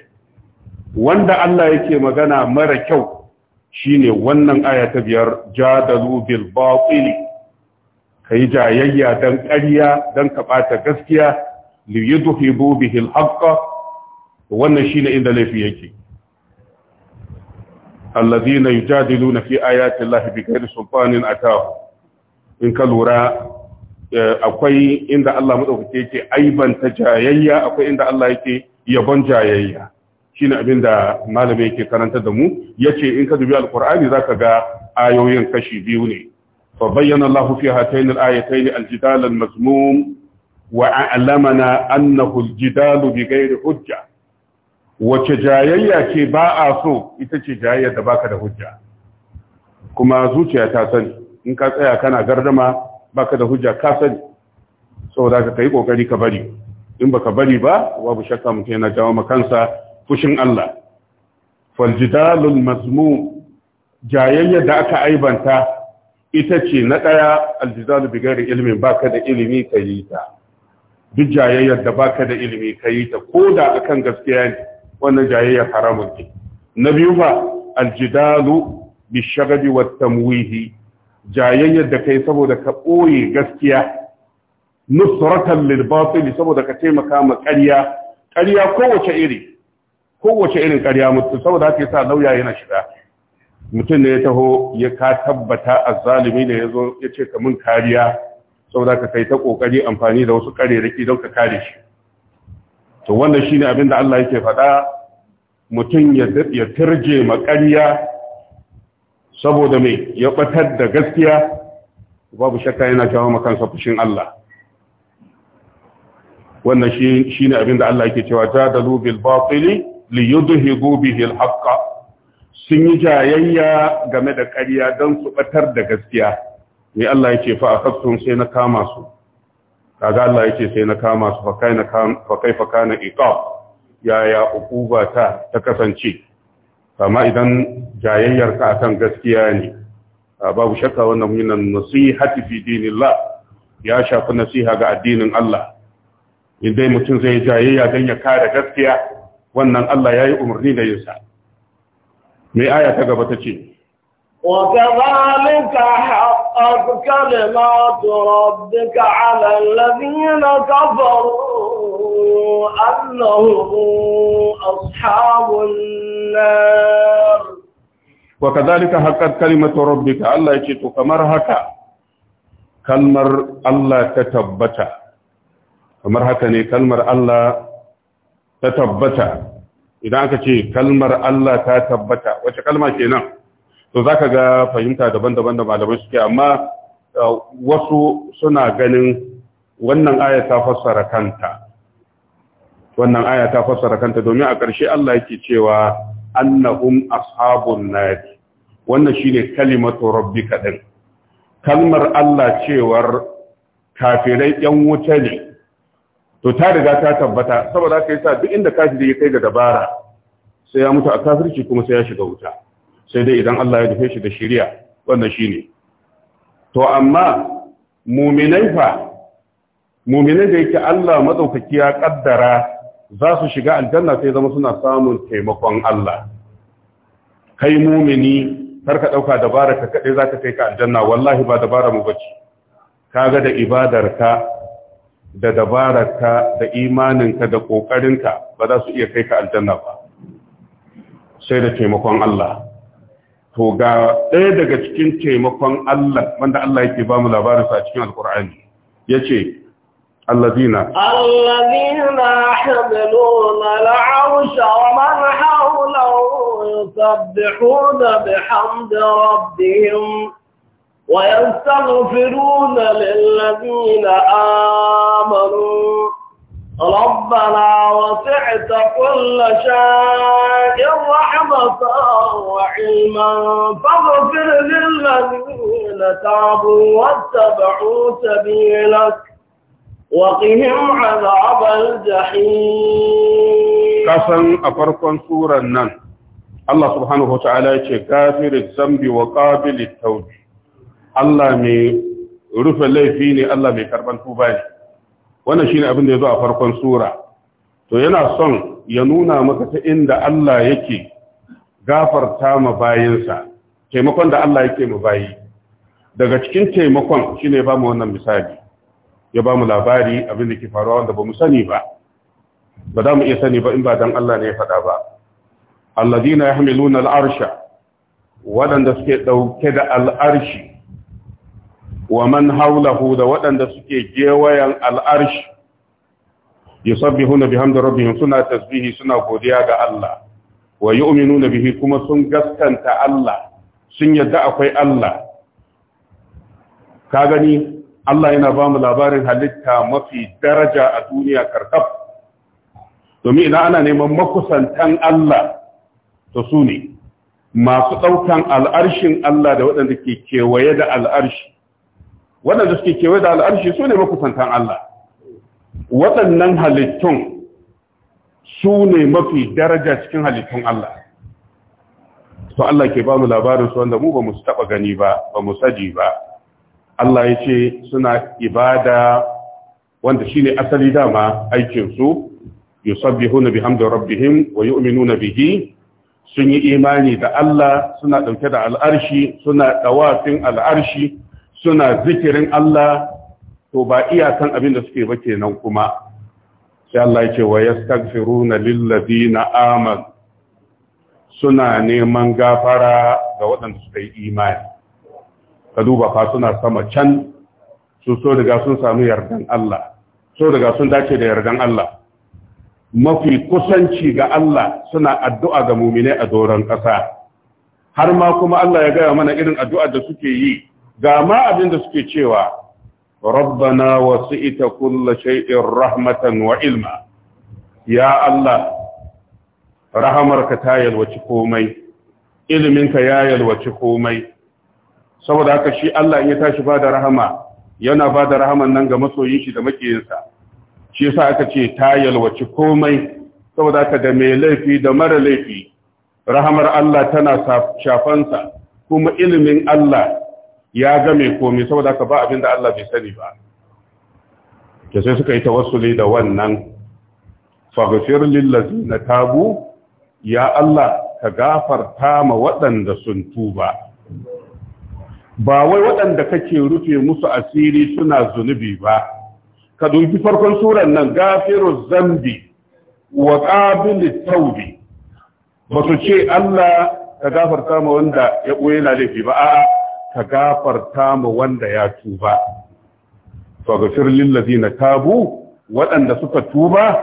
wanda Allah yake magana mara kyau shine wannan aya ta biyar jadalu bil batil kai jayayya dan ƙarya dan kaɓata gaskiya li yudhibu bihi al haqqa wannan ne inda laifi yake allazina yujadiluna fi ayati llahi bighairi sultanin atahu in ka lura eh, akwai inda Allah madaukake yake ta jayayya akwai inda Allah yake yabon jayayya shine abin da malami yake karanta da mu yace in ka dubi za zaka ga ayoyin kashi biyu ne fa bayyana Allahu fi hatayn al-ayatayn al mazmum wa a'lamana annahu al-jidal bighairi hujja wace jayayya ce ba a so ita ce jayayya da baka da hujja kuma zuciya ta sani in ka tsaya kana gardama baka da hujja ka sani saboda ka kai kokari ka bari in baka bari ba babu shakka mutum yana jawo ma kansa fushin Allah fal jidalul mazmum jayayya da aka aibanta ita ce na daya aljidalu bi ilimin ilmin baka da ilimi kai ta duk jayayyar da baka da ilimi kai ta koda akan gaskiya ne wannan jayayya haramun ce na biyu fa aljidalu bi shagabi wa tamwihi jayayyar da kai saboda ka ɓoye gaskiya nusratan lil batil saboda ka taimaka ma ƙarya ƙarya kowace iri kowace irin ƙarya mutu saboda haka yasa lauya yana shiga mutum ne ya taho ya ka tabbata azzalimi ne yazo ya ce ka mun kariya saboda ka kai ta kokari amfani da wasu ƙarerake don ka kare shi to wannan shine abin da Allah yake faɗa mutum ya turje maƙarya saboda mai ya ɓatar da gaskiya babu shakka yana jawo makansa fushin Allah wannan shine abin da Allah yake cewa jadalu bil batili li yudhibu bihi sun yi jayayya game da ƙarya don su ɓatar da gaskiya ne Allah yake fa akhaftum sai na kama su kaga Allah yake sai na kama su fa kai na fa kai fa kana iqab ya ya uquba ta ta kasance amma idan jayayyar ka akan gaskiya ne babu shakka wannan minan nasihati fi dinillah ya shafi nasiha ga addinin Allah idan mutum zai jayayya dan ya kare gaskiya wannan Allah yayi umarni da yinsa mai aya ta gaba ta ce
wa kadhalika حقت كلمات ربك على الذين كفروا أنهم أصحاب النار
وكذلك حقت كلمة ربك الله يشيط كمر هكا كلمر الله تتبتا كمر هكا كلمر الله تتبتا إذا أنك تشي كلمر الله تتبتا وش كلمة شيء نعم to za ka ga fahimta daban-daban da malamai suke amma uh, wasu suna ganin wannan aya ta fassara kanta wannan aya ta fassara kanta domin a ƙarshe Allah yake cewa annahum ashabun nadi wannan shine kalimatu rabbika din kalmar Allah cewar kafirai yan wuta ne to ta riga ta tabbata saboda haka yasa duk inda kafiri ya kai ga dabara sai ya mutu a kafirci kuma sai ya shiga wuta sai dai idan Allah ya dafe shi da shirya wannan shi ne. to amma muminai fa muminai da yake Allah matsaukaki ya kaddara za su shiga aljanna sai zama suna samun taimakon Allah kai mumini karka ɗauka dabara ka za zaka kai ka aljanna wallahi ba dabara mu bace ga da ibadarka da dabararka da imaninka da ƙoƙarinka ba za su iya kai ka aljanna ba sai da taimakon Allah to ga ɗaya daga cikin taimakon Allah wanda Allah yake ba mu labarinsa a cikin alkur'ani ya ce allazina
allazina hamiluna al'arsha wa man hawlahu yusabbihuna bihamdi rabbihim wa yastaghfiruna lillazina amanu
ربنا
وسعت كل شيء رحمة وعلما فاغفر للذين تابوا واتبعوا سبيلك وقهم عذاب الجحيم كسن
أفرقا سورة النن الله سبحانه وتعالى كافر الذنب وقابل التوبة الله مي رفع لي فيني الله مي كربان توباني wannan shine abin da ya zo a farkon sura to yana son ya nuna maka ta inda Allah yake gafarta ma bayinsa taimakon da Allah yake mu bayi daga cikin taimakon shine ba mu wannan misali ya ba mu labari abin da ke faruwa wanda ba mu sani ba ba za mu iya sani ba in ba dan Allah ne ya faɗa ba alladina yahmiluna arsha waɗanda suke ɗauke da al'arshi wa man haulahu da waɗanda suke gewayen al'arshi yusabbihuna da rabbihim suna tasbihi suna godiya ga Allah wa yu'minuna bihi kuma sun gaskanta Allah sun yarda akwai Allah ka gani Allah yana ba mu labarin halitta mafi daraja a duniya karkaf domin ina ana neman makusantan Allah to su ne masu ɗaukan al'arshin Allah da waɗanda ke kewaye da al'arshi waɗanda suke kewaye da al'arshi su ne makusantan Allah waɗannan halittun su ne mafi daraja cikin halittun Allah to Allah ke ba mu labarin su wanda mu ba mu taɓa gani ba ba mu saji ba Allah ya ce suna ibada wanda shi ne asali dama aikinsu yusabbihuna bihamdi rabbihim wa yu'minuna bihi sun yi imani da Allah suna ɗauke da al'arshi suna ɗawafin al'arshi suna zikirin Allah to ba iyakan abin da suke ba kenan kuma sai Allah ya ce wa yastaghfiruna lilladina Aman? suna neman gafara ga waɗanda suka yi imani ka duba fa suna sama can su so daga sun samu yardan Allah so daga sun dace da yardan Allah mafi kusanci ga Allah suna addu'a ga mumine a doron ƙasa har ma kuma Allah ya gaya mana irin addu'a da suke yi ga ma abin da suke cewa rabbana wasi'ta kulla shaiin rahmatan wa ilma ya Allah rahamarka ta yalwaci komai iliminka ya yalwaci komai saboda haka shi Allah in ya tashi ba da rahama yana ba da rahaman nan ga masoyin shi da makiyinsa shi yasa aka ce ta yalwaci komai saboda haka da mai laifi da mara laifi rahamar Allah tana shafansa kuma ilimin Allah ya ga mai komai saboda ka ba abin da Allah bai sani ba ke sai suka yi tawassuli da wannan faghfir lil ladzina tabu ya Allah ka gafarta ma waɗanda sun tuba ba wai waɗanda kake rufe musu asiri suna zunubi ba ka dubi farkon suran nan gafiru zambi wa qabilu taubi ba su ce Allah ka gafarta ma wanda ya koyi na laifi ba a'a ka gafarta ma wanda ya tuba faghfir lil ladina tabu waɗanda suka tuba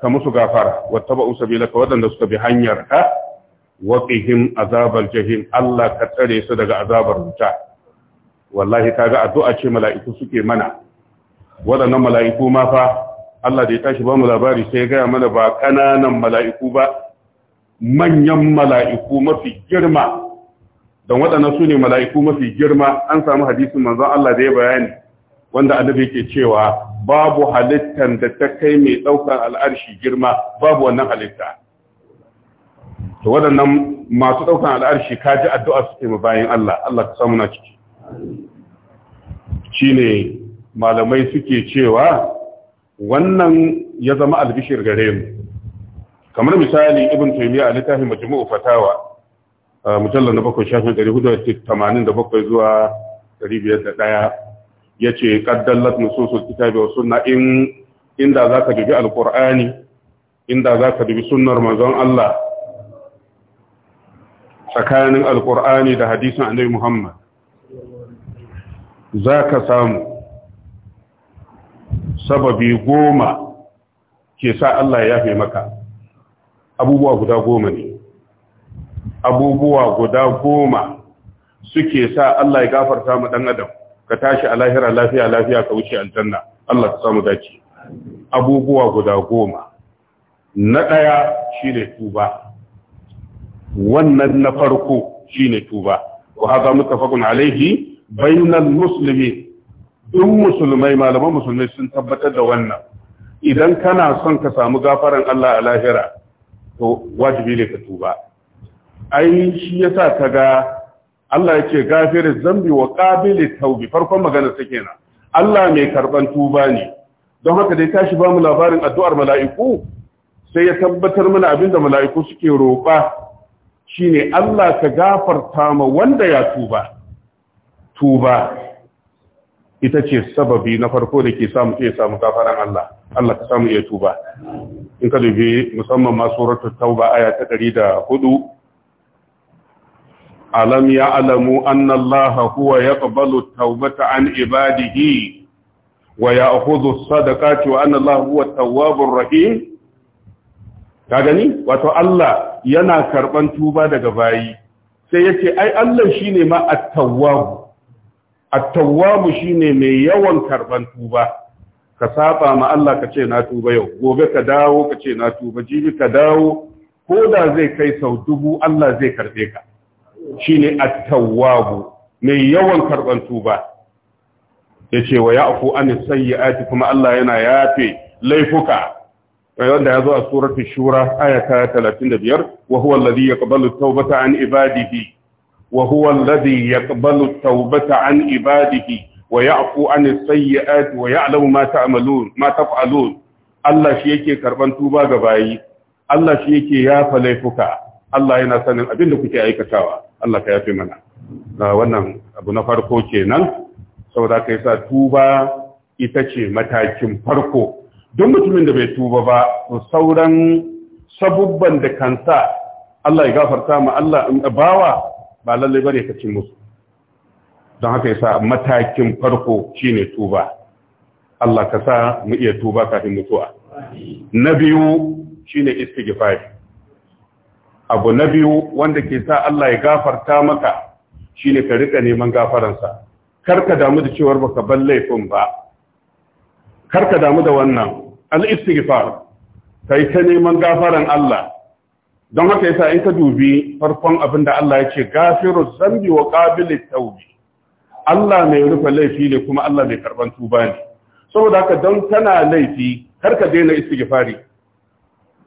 ka musu gafara wattaba'u sabilaka waɗanda suka bi hanyar ka waqihim azabal jahim Allah ka tsare su daga azabar wuta wallahi kaga addu'a ce mala'iku suke mana waɗannan mala'iku ma fa Allah da ya tashi ba mu labari sai ya gaya mana ba ƙananan mala'iku ba manyan mala'iku mafi girma don waɗannan su ne mala'iku mafi girma an samu hadisin manzon Allah da ya bayani wanda annabi yake cewa babu halittan da ta kai mai ɗaukar al'arshi girma babu wannan halitta to waɗannan masu ɗaukar al'arshi ka ji addu'a su taimaka bayan Allah Allah ka samu na ciki shi ne malamai suke cewa wannan ya zama albishir gare mu kamar misali ibn taymiya a littafin majmu'u fatawa mujallar na bakwai shafin hudu da tamanin bakwai zuwa biyar da ɗaya ya ce ƙaddallat nususul kitabi wa sunna in inda za ka dubi alƙur'ani inda za ka dubi sunnar manzon Allah tsakanin alƙur'ani da hadisin annabi Muhammad za ka samu sababi goma ke sa Allah ya fi maka abubuwa guda goma ne abubuwa guda goma suke sa Allah ya gafarta mu dan adam ka tashi a lahira lafiya lafiya ka wuce aljanna Allah ka samu dace abubuwa guda goma na daya shine tuba wannan na farko shine tuba wa hada mutafaqun alayhi bainal muslimi duk musulmai malaman musulmai sun tabbatar da wannan idan kana son ka samu gafaran Allah a lahira to wajibi ne ka tuba ai shi ta ga. Allah ya ce gafirin zambi wa ƙabili taubi farkon magana ta kenan Allah mai karɓar tuba ne don haka dai tashi ba mu labarin addu'ar mala'iku sai ya tabbatar mana abin da mala'iku suke roƙa ne Allah ka gafarta ma wanda ya tuba tuba ita ce sababi na farko da ke samu ke samu gafaran Allah Allah ka samu iya tuba in ka dubi musamman masu rata tauba aya ta 104 alam ya'lamu anna Allah huwa yaqbalu at-taubata an ibadihi wa ya'khudhu wa anna Allah huwa rahim gani wato Allah yana karɓan tuba daga bayi sai yace ai Allah ne ma at-tawwab at-tawwab shine mai yawan karban tuba ka saba ma Allah ka ce na tuba yau gobe ka dawo ka ce na tuba jibi ka dawo ko da zai kai sau dubu Allah zai karbe ka shine at-tawwabu mai yawan karban tuba yace wa ya'fu an sayyi'ati kuma Allah yana yafe laifuka wanda yazo a suratul shura ayata 35 wa huwa alladhi yaqbalu at-taubata an ibadihi wa huwa alladhi yaqbalu at-taubata an ibadihi wa ya'fu an sayyi'ati wa ya'lamu ma ta'malun ma taf'alun Allah shi yake karban tuba ga bayi Allah shi yake yafa laifuka Allah yana sanin abin da kuke aikatawa Allah ka yafe mana wannan abu na farko kenan saboda kai sa tuba ita ce matakin farko don mutumin da bai tuba ba sauran sabubban da kansa Allah ya gafarta ma Allah in bawa ba lallai bane ka ci musu don haka yasa matakin farko shine tuba Allah ka sa mu iya tuba kafin mutuwa na biyu shine istighfar abu na biyu wanda ke sa Allah ya gafarta maka shine ka rika neman gafaransa karka damu da cewar baka bar laifin ba karka damu da wannan al-istighfar kai ta neman gafaran Allah don haka yasa in ka dubi farkon abin da Allah ya ce gafiru zambi wa qabilu tawbi Allah mai rufe laifi ne kuma Allah mai karban tuba ne saboda haka don tana laifi karka daina istighfari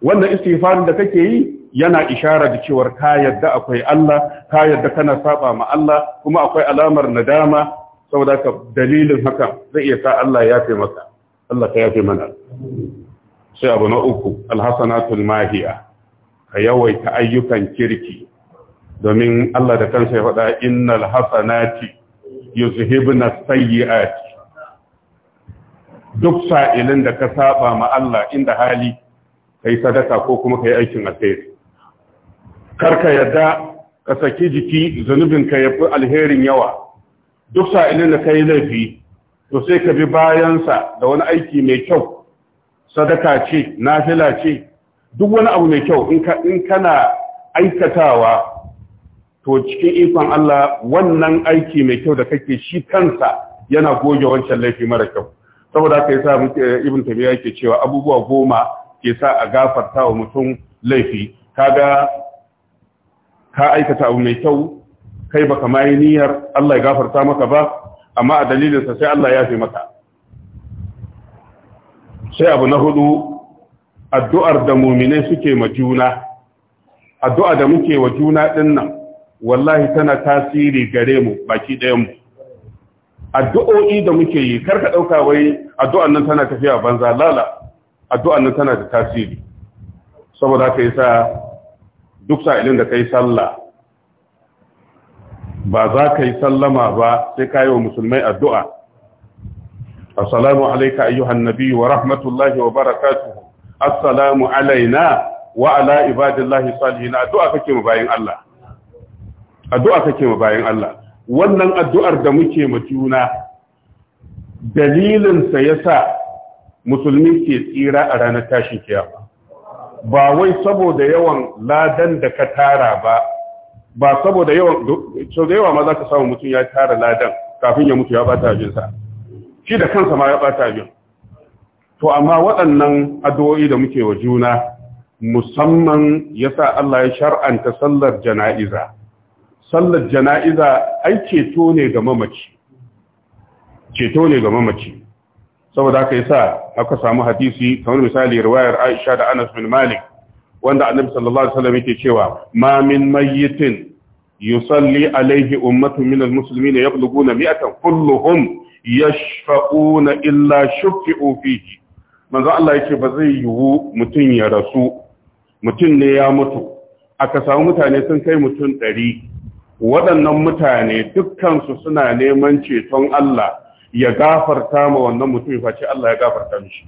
wannan istighfarin da kake yi yana ishara da cewar ka yadda akwai Allah ka yadda kana saba ma Allah kuma akwai alamar nadama saboda ka dalilin haka zai iya sa Allah ya fi maka Allah ka yafe mana sai abu na uku alhasanatul mahiya ka yawaita ayyukan kirki domin Allah da kansa ya faɗa innal hasanati yuzhibna sayyi'ati duk sa'ilin da ka saba ma Allah inda hali kai sadaka ko kuma kai aikin asiri karka yadda ka saki jiki zunubin ya fi alherin yawa duk sa'ilin da ka yi laifi to sai ka bi bayansa da wani aiki mai kyau sadaka ce nafila ce duk wani abu mai kyau in kana aikatawa to cikin ikon Allah wannan aiki mai kyau da kake shi kansa yana goge wancan laifi mara kyau saboda haka yasa ibn tabiya yake cewa abubuwa goma ke sa a gafarta wa mutum laifi kaga ka aikata abu mai kyau kai baka ma yi niyyar Allah ya gafarta maka ba amma a dalilinsa sai Allah ya fi maka sai abu na hudu addu'ar da muminai suke ma juna addu'a da muke wa juna ɗinnan, wallahi tana tasiri gare mu baki mu. addu'o'i da muke yi karka ɗauka wai addu'an nan tana tafiya banza lala addu'an nan tana da tasiri saboda ka yi sa duk sa'ilin da kai sallah ba za ka yi sallama ba sai ka yi wa musulmai addu'a assalamu alaika ayyuhan nabi wa rahmatullahi wa barakatuhu assalamu alaina wa ala ibadillahi salihina addu'a kake mu bayan Allah addu'a kake bayan Allah wannan addu'ar da muke ma juna dalilinsa ya sa musulmi ke tsira a ranar tashin kiyama ba wai saboda yawan ladan da ka tara ba ba saboda yawan so da yawa ma za ka samu mutum ya tara ladan kafin ya mutu ya bata abinsa shi da kansa ma ya bata abin to amma waɗannan addu'o'i da muke wa juna musamman yasa Allah ya shar'anta sallar jana'iza sallar jana'iza ai ceto ne ga mamaci ceto ne ga mamaci saboda yi yasa aka samu hadisi kamar misali riwayar Aisha da Anas bin Malik wanda Annabi sallallahu alaihi wasallam yake cewa ma min mayyitin yusalli alaihi ummatun minal muslimin yablughuna mi'atan kulluhum yashfa'una illa shufi'u fihi manzo Allah yake ba zai yiwu mutun ya rasu mutun ne ya mutu aka samu mutane sun kai mutun 100 waɗannan mutane dukkan su suna neman ceton Allah ya gafarta ma wannan mutum face Allah ya gafarta mishi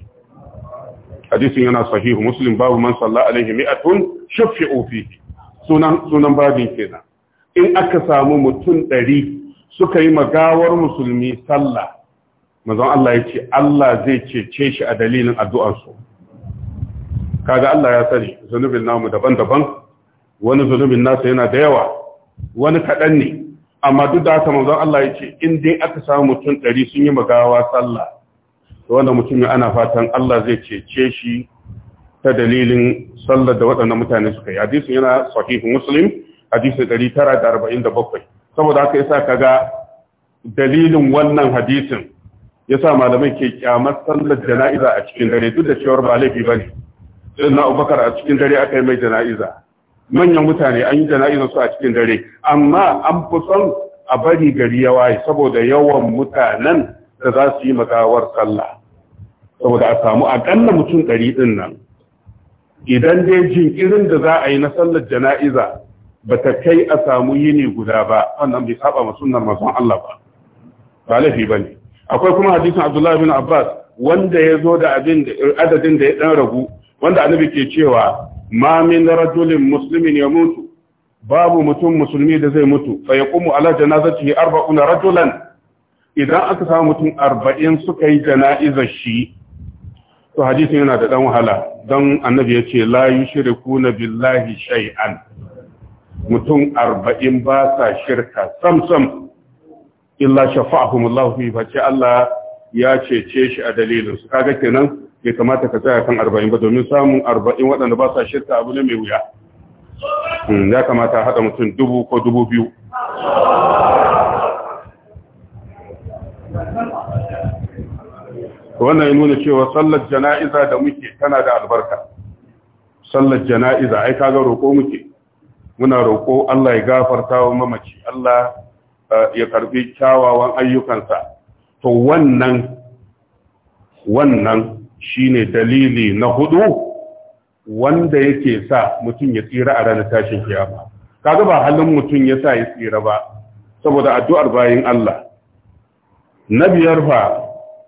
hadisin yana sahihu muslim babu man salla alaihi mi'atun shafi'u fihi sunan sunan babin kenan in aka samu mutum ɗari suka yi magawar musulmi sallah mazan Allah ya ce Allah zai cece shi a dalilin su kaga Allah ya sani zunubin namu daban-daban wani zunubin nasa yana da yawa wani kaɗan ne amma duk da haka manzon Allah ya ce in dai aka samu mutum ɗari sun yi magawa sallah to wanda mutum ana fatan Allah zai cece shi ta dalilin sallar da waɗannan mutane suka yi hadisin yana sahihu muslim hadisi 947 saboda haka yasa kaga dalilin wannan hadisin yasa malamai ke kyamar sallar jana'iza a cikin dare duk da cewar ba laifi bane sai na Abubakar a cikin dare aka yi mai jana'iza manyan mutane an yi jana'izar su a cikin dare amma an fi son a bari gari ya waye saboda yawan mutanen da za su yi magawar sallah saboda a samu aƙalla mutum ɗari ɗin nan idan dai jin irin da za a yi na sallar jana'iza ba ta kai a samu yini guda ba wannan bai saba ma sunnar mazan Allah ba ba laifi ba ne akwai kuma hadisin abdullahi bin abbas wanda ya zo da abin adadin da ya ɗan ragu wanda annabi ke cewa ma min rajulin muslimin ya mutu babu mutum musulmi da zai mutu fa yaqumu ala janazatihi arba'una rajulan idan aka samu mutum 40 suka yi jana'izar shi to hadisin yana da dan wahala dan annabi yace la yushrikuna billahi shay'an mutum 40 ba sa shirka sam sam illa shafa'ahum Allah fi fa Allah ya cece shi a dalilin su kaga kenan bai kamata ka tsaya kan arba'in ba domin samun arba'in waɗanda ba sa shirka abu ne mai wuya hmm, ya kamata haɗa mutum dubu ko dubu biyu wannan ya nuna cewa sallar jana'iza da muke tana da albarka sallar jana'iza ai kaga roƙo muke muna roƙo Allah ya gafarta wa mamaci Allah eh, ya karbi kyawawan ayyukansa to wannan wannan shine dalili na hudu wanda yake sa mutum ya tsira a ranar tashin kiyama kaga ba halin mutum ya sa ya tsira ba saboda addu'ar bayan Allah na biyar fa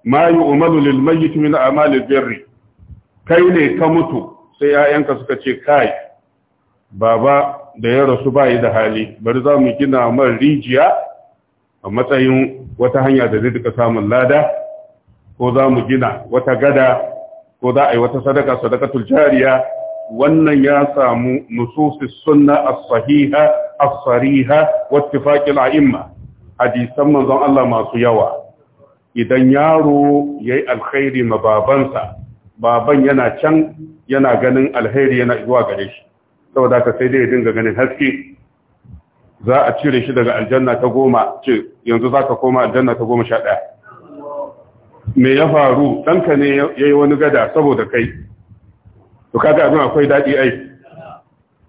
ma umaru lil mayyit min a'malil birri kai ne ka mutu sai 'ya'yanka suka ce kai baba da ya rasu bayi da hali bari za mu gina mar rijiya a matsayin wata hanya da zai duka samun lada ko za mu gina wata gada ko za a yi wata sadaka sadakatul jariya wannan ya samu nususis sunna as-sahiha as-sariha wattifaqil a'imma hadisan manzon Allah masu yawa idan yaro yayi alkhairi ma babansa baban yana can yana ganin alkhairi yana zuwa gare shi saboda ka sai dai ya dinga ganin haske za a cire shi daga aljanna ta goma ce yanzu za ka koma aljanna ta goma sha ɗaya me ya faru ɗanka ne ya yi wani gada saboda kai to kaga abin akwai daɗi ai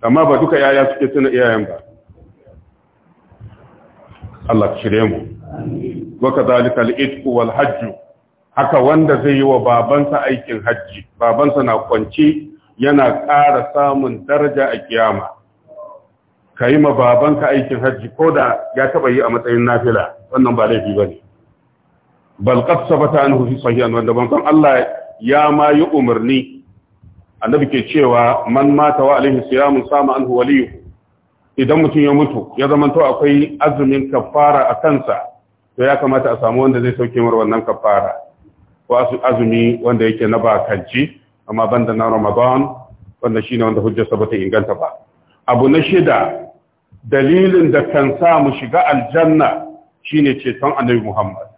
amma ba duka yaya suke tuna iyayen ba Allah shirye mu waka zalika al wal hajj haka wanda zai yi wa babansa aikin hajji babansa na kwanci yana ƙara samun daraja a kiyama ka yi ma babanka aikin hajji ko da ya taɓa yi a matsayin nafila wannan ba laifi ba ne bal qad sabata anhu fi sahihan wanda manzon Allah ya ma umarni annabi ke cewa man mata wa alaihi siyamun sama anhu waliyu idan mutum ya mutu ya zamanto akwai azumin kafara a kansa to ya kamata a samu wanda zai sauke mar wannan kafara ko azumi wanda yake na bakanci amma banda na Ramadan wanda shine wanda hujjarsa bata inganta ba abu na shida dalilin da kan sa mu shiga aljanna shine ceton annabi Muhammad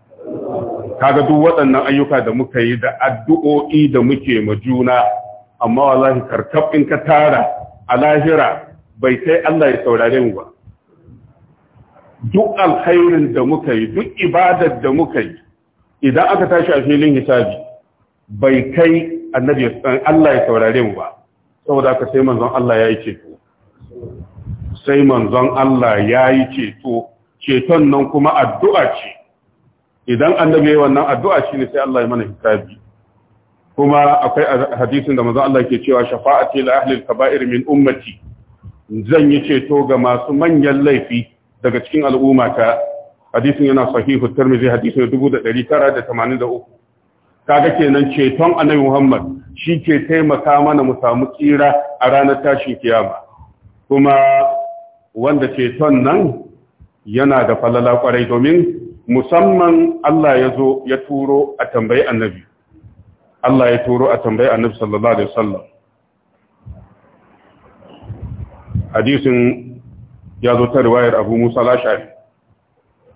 kaga duk waɗannan ayyuka da muka yi da addu'o'i da muke ma juna amma wallahi karkab in ka tara a lahira bai sai Allah ya saurare mu ba duk alkhairin da muka yi duk ibadar da muka yi idan aka tashi a filin hisabi bai kai annabi Allah ya saurare mu ba saboda ka sai manzon Allah ya yi ceto sai manzon Allah ya yi ceto ceton nan kuma addu'a ce idan annabi yayi wannan addu'a shine sai Allah ya mana hisabi kuma akwai hadisin da manzon Allah ke cewa shafa'ati li ahli al-kaba'ir min ummati zan yi ceto ga masu manyan laifi daga cikin al'ummata hadisin yana sahihu tirmidhi hadisin 1983 kaga kenan ceton annabi Muhammad shi ke taimaka mana mu samu tsira a ranar tashin kiyama kuma wanda ceton nan yana da falala kwarai domin musamman Allah ya zo ya turo a tambayi annabi Allah ya turo a tambayi annabi sallallahu alaihi wasallam hadisin ya zo ta riwayar Abu Musa al-Ash'ari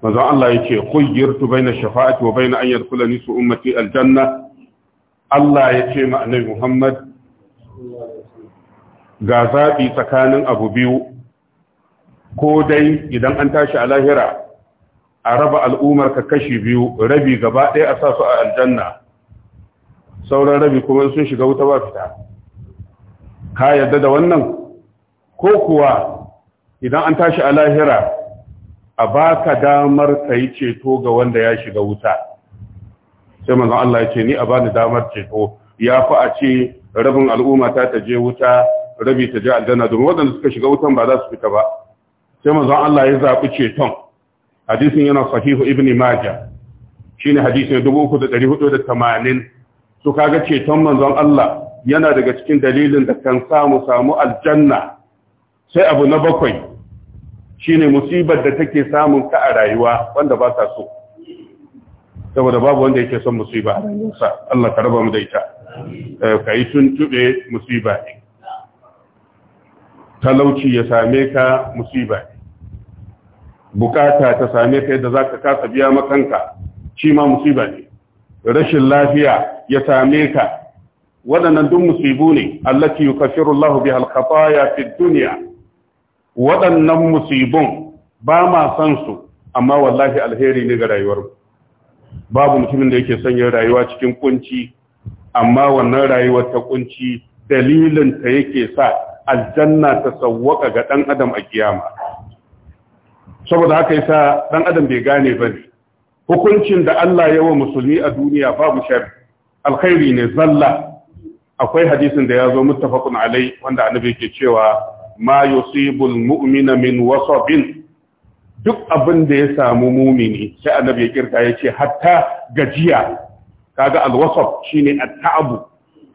manzo Allah yake khayyirtu baina shafa'ati wa baina an yadkhula nisu ummati al-janna Allah yake ma annabi Muhammad ga zabi tsakanin abu biyu ko dai idan an tashi a lahira a raba al'ummar ka kashi biyu rabi gaba ɗaya a sa su a aljanna sauran rabi kuma sun shiga wuta ba fita ka yadda da wannan ko kuwa idan an tashi a lahira a baka damar ka yi ceto ga wanda ya shiga wuta sai manzon Allah ya ce ni a bani damar ceto ya fi a ce rabin al'umma ta ta je wuta rabi ta je aljanna domin waɗanda suka shiga wutan ba za su fita ba sai manzon Allah ya zaɓi ceton hadisin yana sahihu ibn maja shine hadisin 3480 to kaga ceton manzon Allah yana daga cikin dalilin da kan samu samu aljanna sai abu na bakwai shine musibar da take samun ka a rayuwa wanda ba ta so saboda babu wanda yake son musiba a Allah ka raba mu da ita eh, ka yi tube musiba talauci ya same ka musiba ne bukata ta same ka yadda za ka kasa biya makanka shi ma musiba ne rashin lafiya ya same ka waɗannan duk musibu ne allati yukaffiru Allahu biha al ya fi duniya. waɗannan musibun ba ma san su amma wallahi alheri ne ga rayuwar babu mutumin da yake sanya rayuwa cikin kunci amma wannan rayuwar ta kunci dalilin ta yake sa aljanna ta sawwaka ga ɗan adam a kiyama saboda haka yasa dan adam bai gane ba ne hukuncin da Allah ya wa musulmi a duniya babu shari alkhairi ne zalla akwai hadisin da ya zo muttafaqun alai wanda annabi yake cewa ma yusibul mu'mina min wasabin duk abin da ya samu mumini sai annabi ya kirka ya ce hatta gajiya kaga alwasab shine at-ta'abu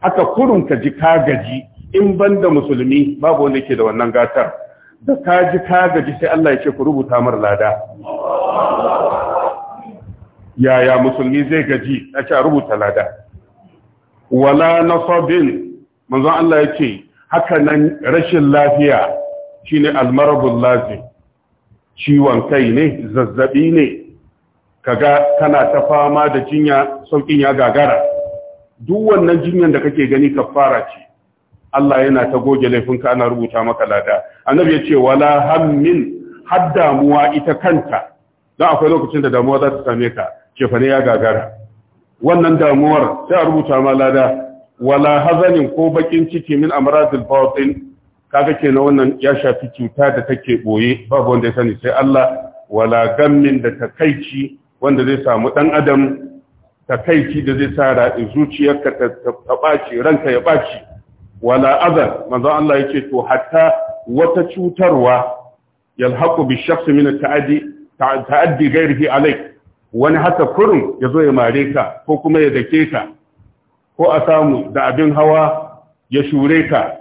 haka kurun ka ji ka gaji in banda musulmi babu wanda yake da wannan gatar da ka ji ka gaji sai Allah ya ce ku rubuta mar lada yaya musulmi zai gaji a ce a rubuta lada wala nasabin manzon Allah ya ce haka nan rashin lafiya shine almarabul lazi ciwon kai ne zazzabi ne kaga kana ta fama da jinya saukin ya gagara duk wannan jinyan da kake gani kafara ce Allah yana ta goge laifinka ana rubuta maka lada annabi ya ce wala hammin har damuwa ita kanta don akwai lokacin da damuwa za ta same ka ne ya gagara wannan damuwar sai a rubuta ma lada wala hazanin ko bakin ciki min amradil batin kaga kenan wannan ya shafi cuta da take boye babu wanda ya sani sai Allah wala gammin da takaici wanda zai samu dan adam takaici da zai sa zuciyarka ta baci ranka ya baci wala azar? manzo Allah yake to hatta wata cutarwa yalhaqu bi shakhs min ta'addi ta'addi ghairihi alayk wani haka kurum zo ya mare ka ko kuma ya dake ka ko a samu da abin hawa ya shure ka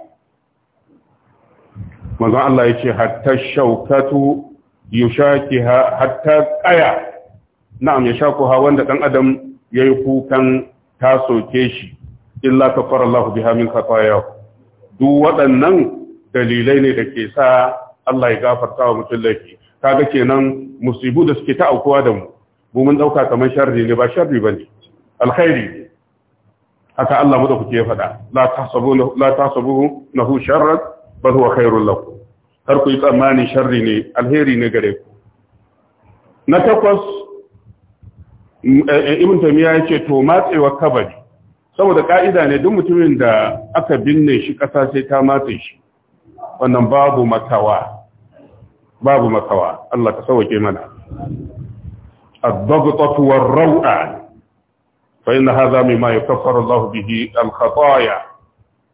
manzo Allah yake hatta shaukatu yushakiha hatta qaya na'am ha wanda dan adam yayi kukan ta soke shi illa kafara Allah biha min khataya duk waɗannan dalilai ne da ke sa Allah ya gafarta wa mutum laifi kaga kenan musibu da suke ta aukuwa da mu mu mun dauka kamar sharri ne ba sharri bane alkhairi haka Allah muda kuke faɗa la tahsabu la tahsabu nahu sharran bal huwa khairul lakum
har ku yi tsammanin
sharri ne alheri ne gare ku na takwas eh, eh, ibn tamiya yace to matsewa kabari saboda ka'ida ne duk mutumin da aka binne shi ƙasa sai ta matse shi wannan babu makawa babu makawa Allah ka sauke mana الضغطة والروعة فإن هذا مما يكفر الله به الخطايا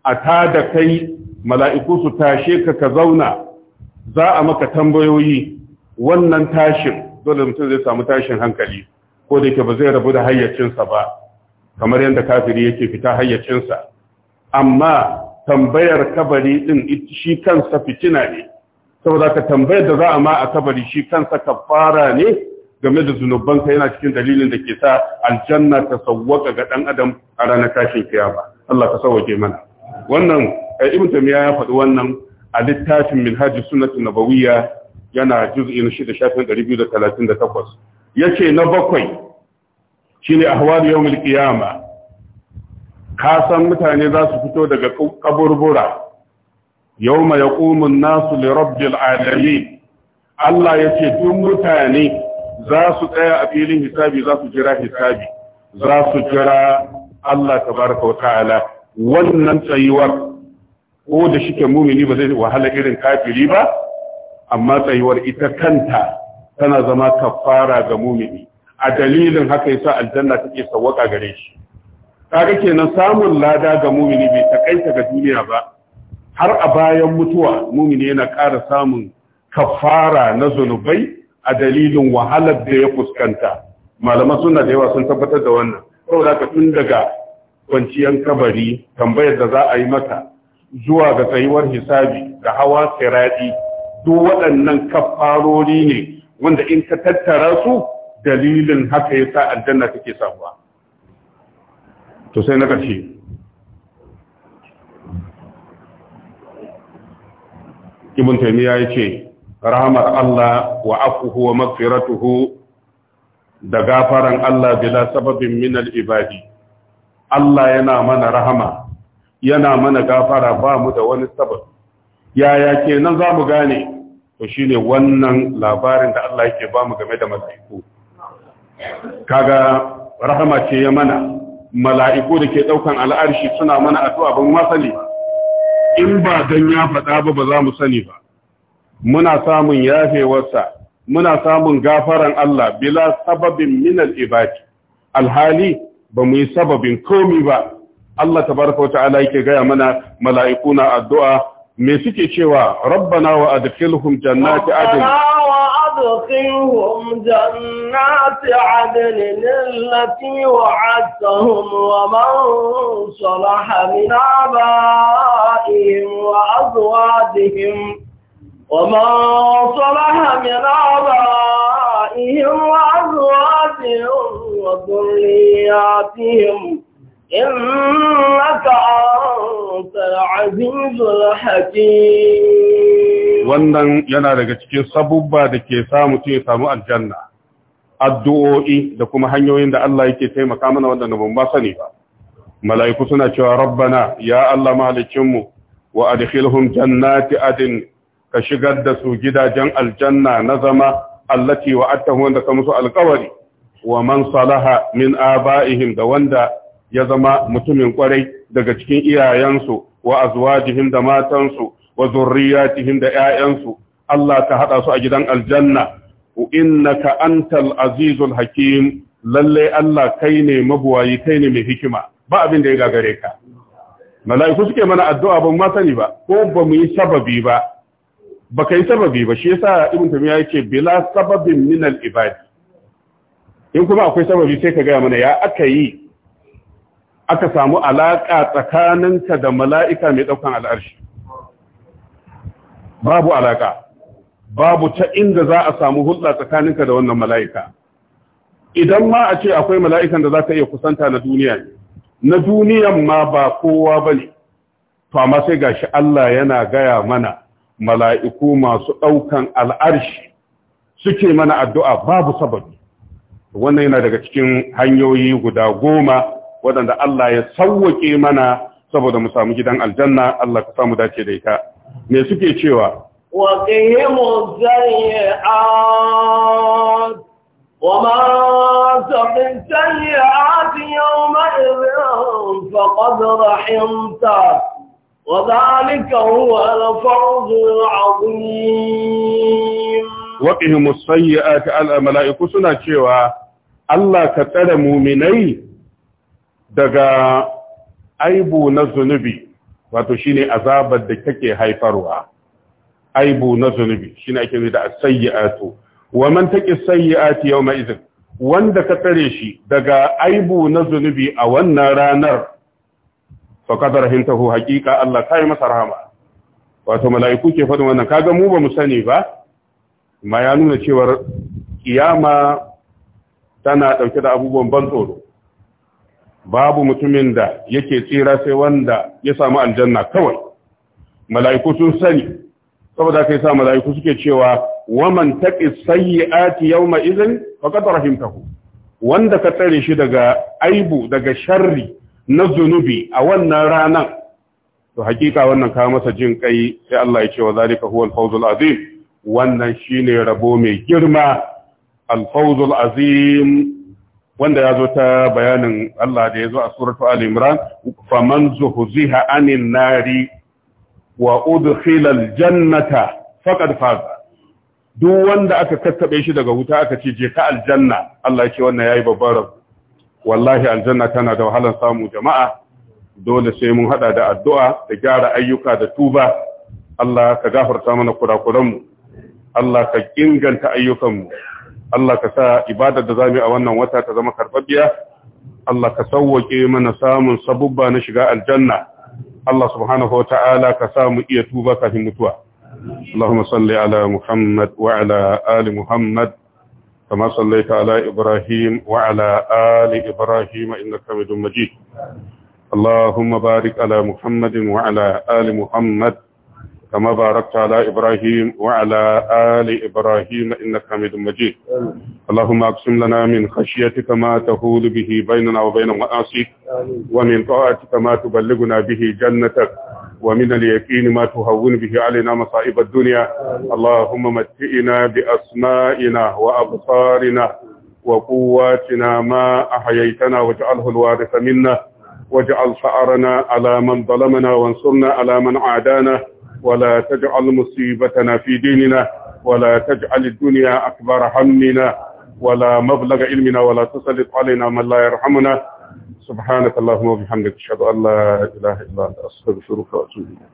أتاد كي ملائكو ستاشيك كزونا زاء maka تنبيوي ونن tashin dole mutum zai samu tashin hankali ko da yake ba zai rabu da hayyacinsa ba kamar yadda kafiri yake fita hayyacinsa amma tambayar kabari din shi kansa fitina ne saboda ka tambayar da za a ma a kabari shi kansa kafara ne game da zunubanka yana cikin dalilin da ke sa aljanna ta sawwaka ga dan adam a ranar tashin kiyama Allah ka sawwake mana wannan eh, ibn tamiya ya faɗi wannan a littafin minhaj sunnatu nabawiyya yana juz'in 6 shafin 238 yace na bakwai shine ahwal yawmul qiyama ka san mutane za su fito daga kaburbura yawma yaqumu an-nasu li rabbil alamin Allah yace duk mutane za su tsaya a filin hisabi za su jira hisabi za su jira Allah tabaraka wa ta'ala wannan tsayuwar ko da shike mumini ba zai wahala irin kafiri ba amma tsayuwar ita kanta tana zama kafara ga mumini a dalilin haka yasa aljanna take sawwaka gare shi kaga kenan samun lada ga mumini bai ta kai ga duniya ba har a bayan mutuwa mumini yana ƙara samun kafara na zunubai a dalilin wahalar da ya fuskanta malaman suna da yawa sun tabbatar da wannan saboda ka tun daga kwanciyar kabari tambayar da za a yi maka zuwa ga tsayuwar hisabi da hawa siradi duk waɗannan kafarori ne wanda in ka tattara su dalilin haka yasa aljanna take samuwa to sai na ƙarshe ibn taymiya yace rahmar Allah wa afuhu wa maghfiratuhu da gafaran Allah bila sababin min al-ibadi Allah yana mana rahama yana mana gafara ba mu da wani sabab yaya kenan zamu gane to shine wannan labarin da Allah yake ba mu game da malaiku kaga rahama ce ya mana mala'iku da ke ɗaukan al'arshi suna mana addu'a ban ma sani ba in ba don ya faɗa ba ba za mu sani ba muna samun yafewarsa muna samun gafaran Allah bila sababin minal ibadi alhali ba mu yi sababin komi ba Allah ta barka wata ala yake gaya mana mala'iku na addu'a me suke cewa rabbana wa adkhilhum jannati adn
وادخلهم جنات عدن التي وعدتهم ومن صلح من آبائهم وأزواجهم ومن صلح من آبائهم وأزواجهم وذرياتهم إنك أنت العزيز الحكيم
wannan yana daga cikin sabubba da ke sa mutum ya samu aljanna addu'o'i da kuma hanyoyin da Allah yake taimaka mana wanda ban ba sani ba mala'iku suna cewa rabbana ya Allah mu wa adkhilhum jannati adin ka shigar da su gidajen aljanna na zama allati wa'adtahu wanda ka musu alƙawari wa man salaha min aba'ihim da wanda ya zama mutumin kwarai daga cikin iyayensu wa azwajihim da matansu wa zurriyatihim da 'ya'yansu. Allah ka hada su a gidan aljanna innaka antal azizul hakim lalle Allah kai ne mabuwayi kai ne mai hikima ba abin da ya gagare ka mala'iku suke mana addu'a ban ma sani ba ko ba mu yi sababi ba ba ka yi sababi ba shi yasa ibn tamiya yake bila sababin min al ibad in kuma akwai sababi sai ka gaya mana ya aka yi aka samu alaka tsakaninka da mala'ika mai daukan al'arshi babu alaka babu ta inda za a samu hulɗa tsakaninka da wannan mala'ika idan ma a ce akwai mala'ikan da za ka iya kusanta na duniya ne na duniyan ma ba kowa ba ne to amma sai gashi Allah yana gaya mana mala'iku masu ɗaukan al'arshi suke mana addu'a babu sababi wannan yana daga cikin hanyoyi guda goma waɗanda Allah ya sauwaƙe mana saboda mu samu gidan aljanna Allah ka samu dace da ita me suke cewa
wa qihimu zari'at wa ma zaqin sayyi'at yawma idhin faqad rahimta wa huwa al وذلك azim wa
العظيم وقهم al-mala'iku suna cewa Allah ka tsare muminai daga aibu na zunubi wato shine azabar da kake haifarwa aibu na zunubi shine ake da sayyiatu wa man taqi sayyiati yawma idhin wanda ka tare shi daga aibu na zunubi a wannan ranar faqad rahintahu haqiqa Allah kai masa rahama wato mala'iku ke faɗin wannan kaga mu bamu sani ba ma ya nuna cewa kiyama tana ɗauke da abubuwan ban tsoro babu mutumin da yake tsira sai wanda ya samu aljanna kawai mala'iku sun sani saboda kai sa mala'iku suke cewa waman taqi sayyi'ati yawma idhin faqad rahimtahu wanda ka tsare shi daga aibu daga sharri na zunubi a wannan ranan to hakika wannan ka masa jin kai sai Allah ya ce wa zalika huwal fawzul azim wannan shine rabo mai girma al fawzul azim wanda ya zo ta bayanin Allah da ya zo a suratu alimran imran faman zuhziha anin nari wa udkhila jannata faqad faza duk wanda aka kattaɓe shi daga wuta aka ce je ka aljanna Allah ya ce wannan ya yi rabu wallahi aljanna tana da wahalar samu jama'a dole sai mun haɗa da addu'a da gyara ayyuka da tuba Allah ka gafarta mana kurakuranmu Allah ka inganta ayyukanmu Allah ka sa ibadar da zamu yi a wannan wata ta zama karbabbiya Allah ka sauwake mana samun sabubba na shiga aljanna Allah subhanahu wata'ala ka sa mu iya tuba kafin mutuwa Allahumma salli ala Muhammad wa ala ali Muhammad kama sallaita ala Ibrahim wa ala ali Ibrahim innaka Hamidum Majid Allahumma barik ala Muhammadin wa ala ali Muhammad كما باركت على إبراهيم وعلى آل إبراهيم إنك حميد مجيد اللهم أقسم لنا من خشيتك ما تهول به بيننا وبين معاصيك ومن طاعتك ما تبلغنا به جنتك ومن اليقين ما تهون به علينا مصائب الدنيا اللهم متئنا بأسمائنا وأبصارنا وقواتنا ما أحييتنا واجعله الوارث منا واجعل فأرنا على من ظلمنا وانصرنا على من عادانا ولا تجعل مصيبتنا في ديننا ولا تجعل الدنيا أكبر همنا ولا مبلغ علمنا ولا تسلط علينا من لا
يرحمنا سبحانك اللهم وبحمدك اشهد ان لا اله الا انت استغفرك واتوب اليك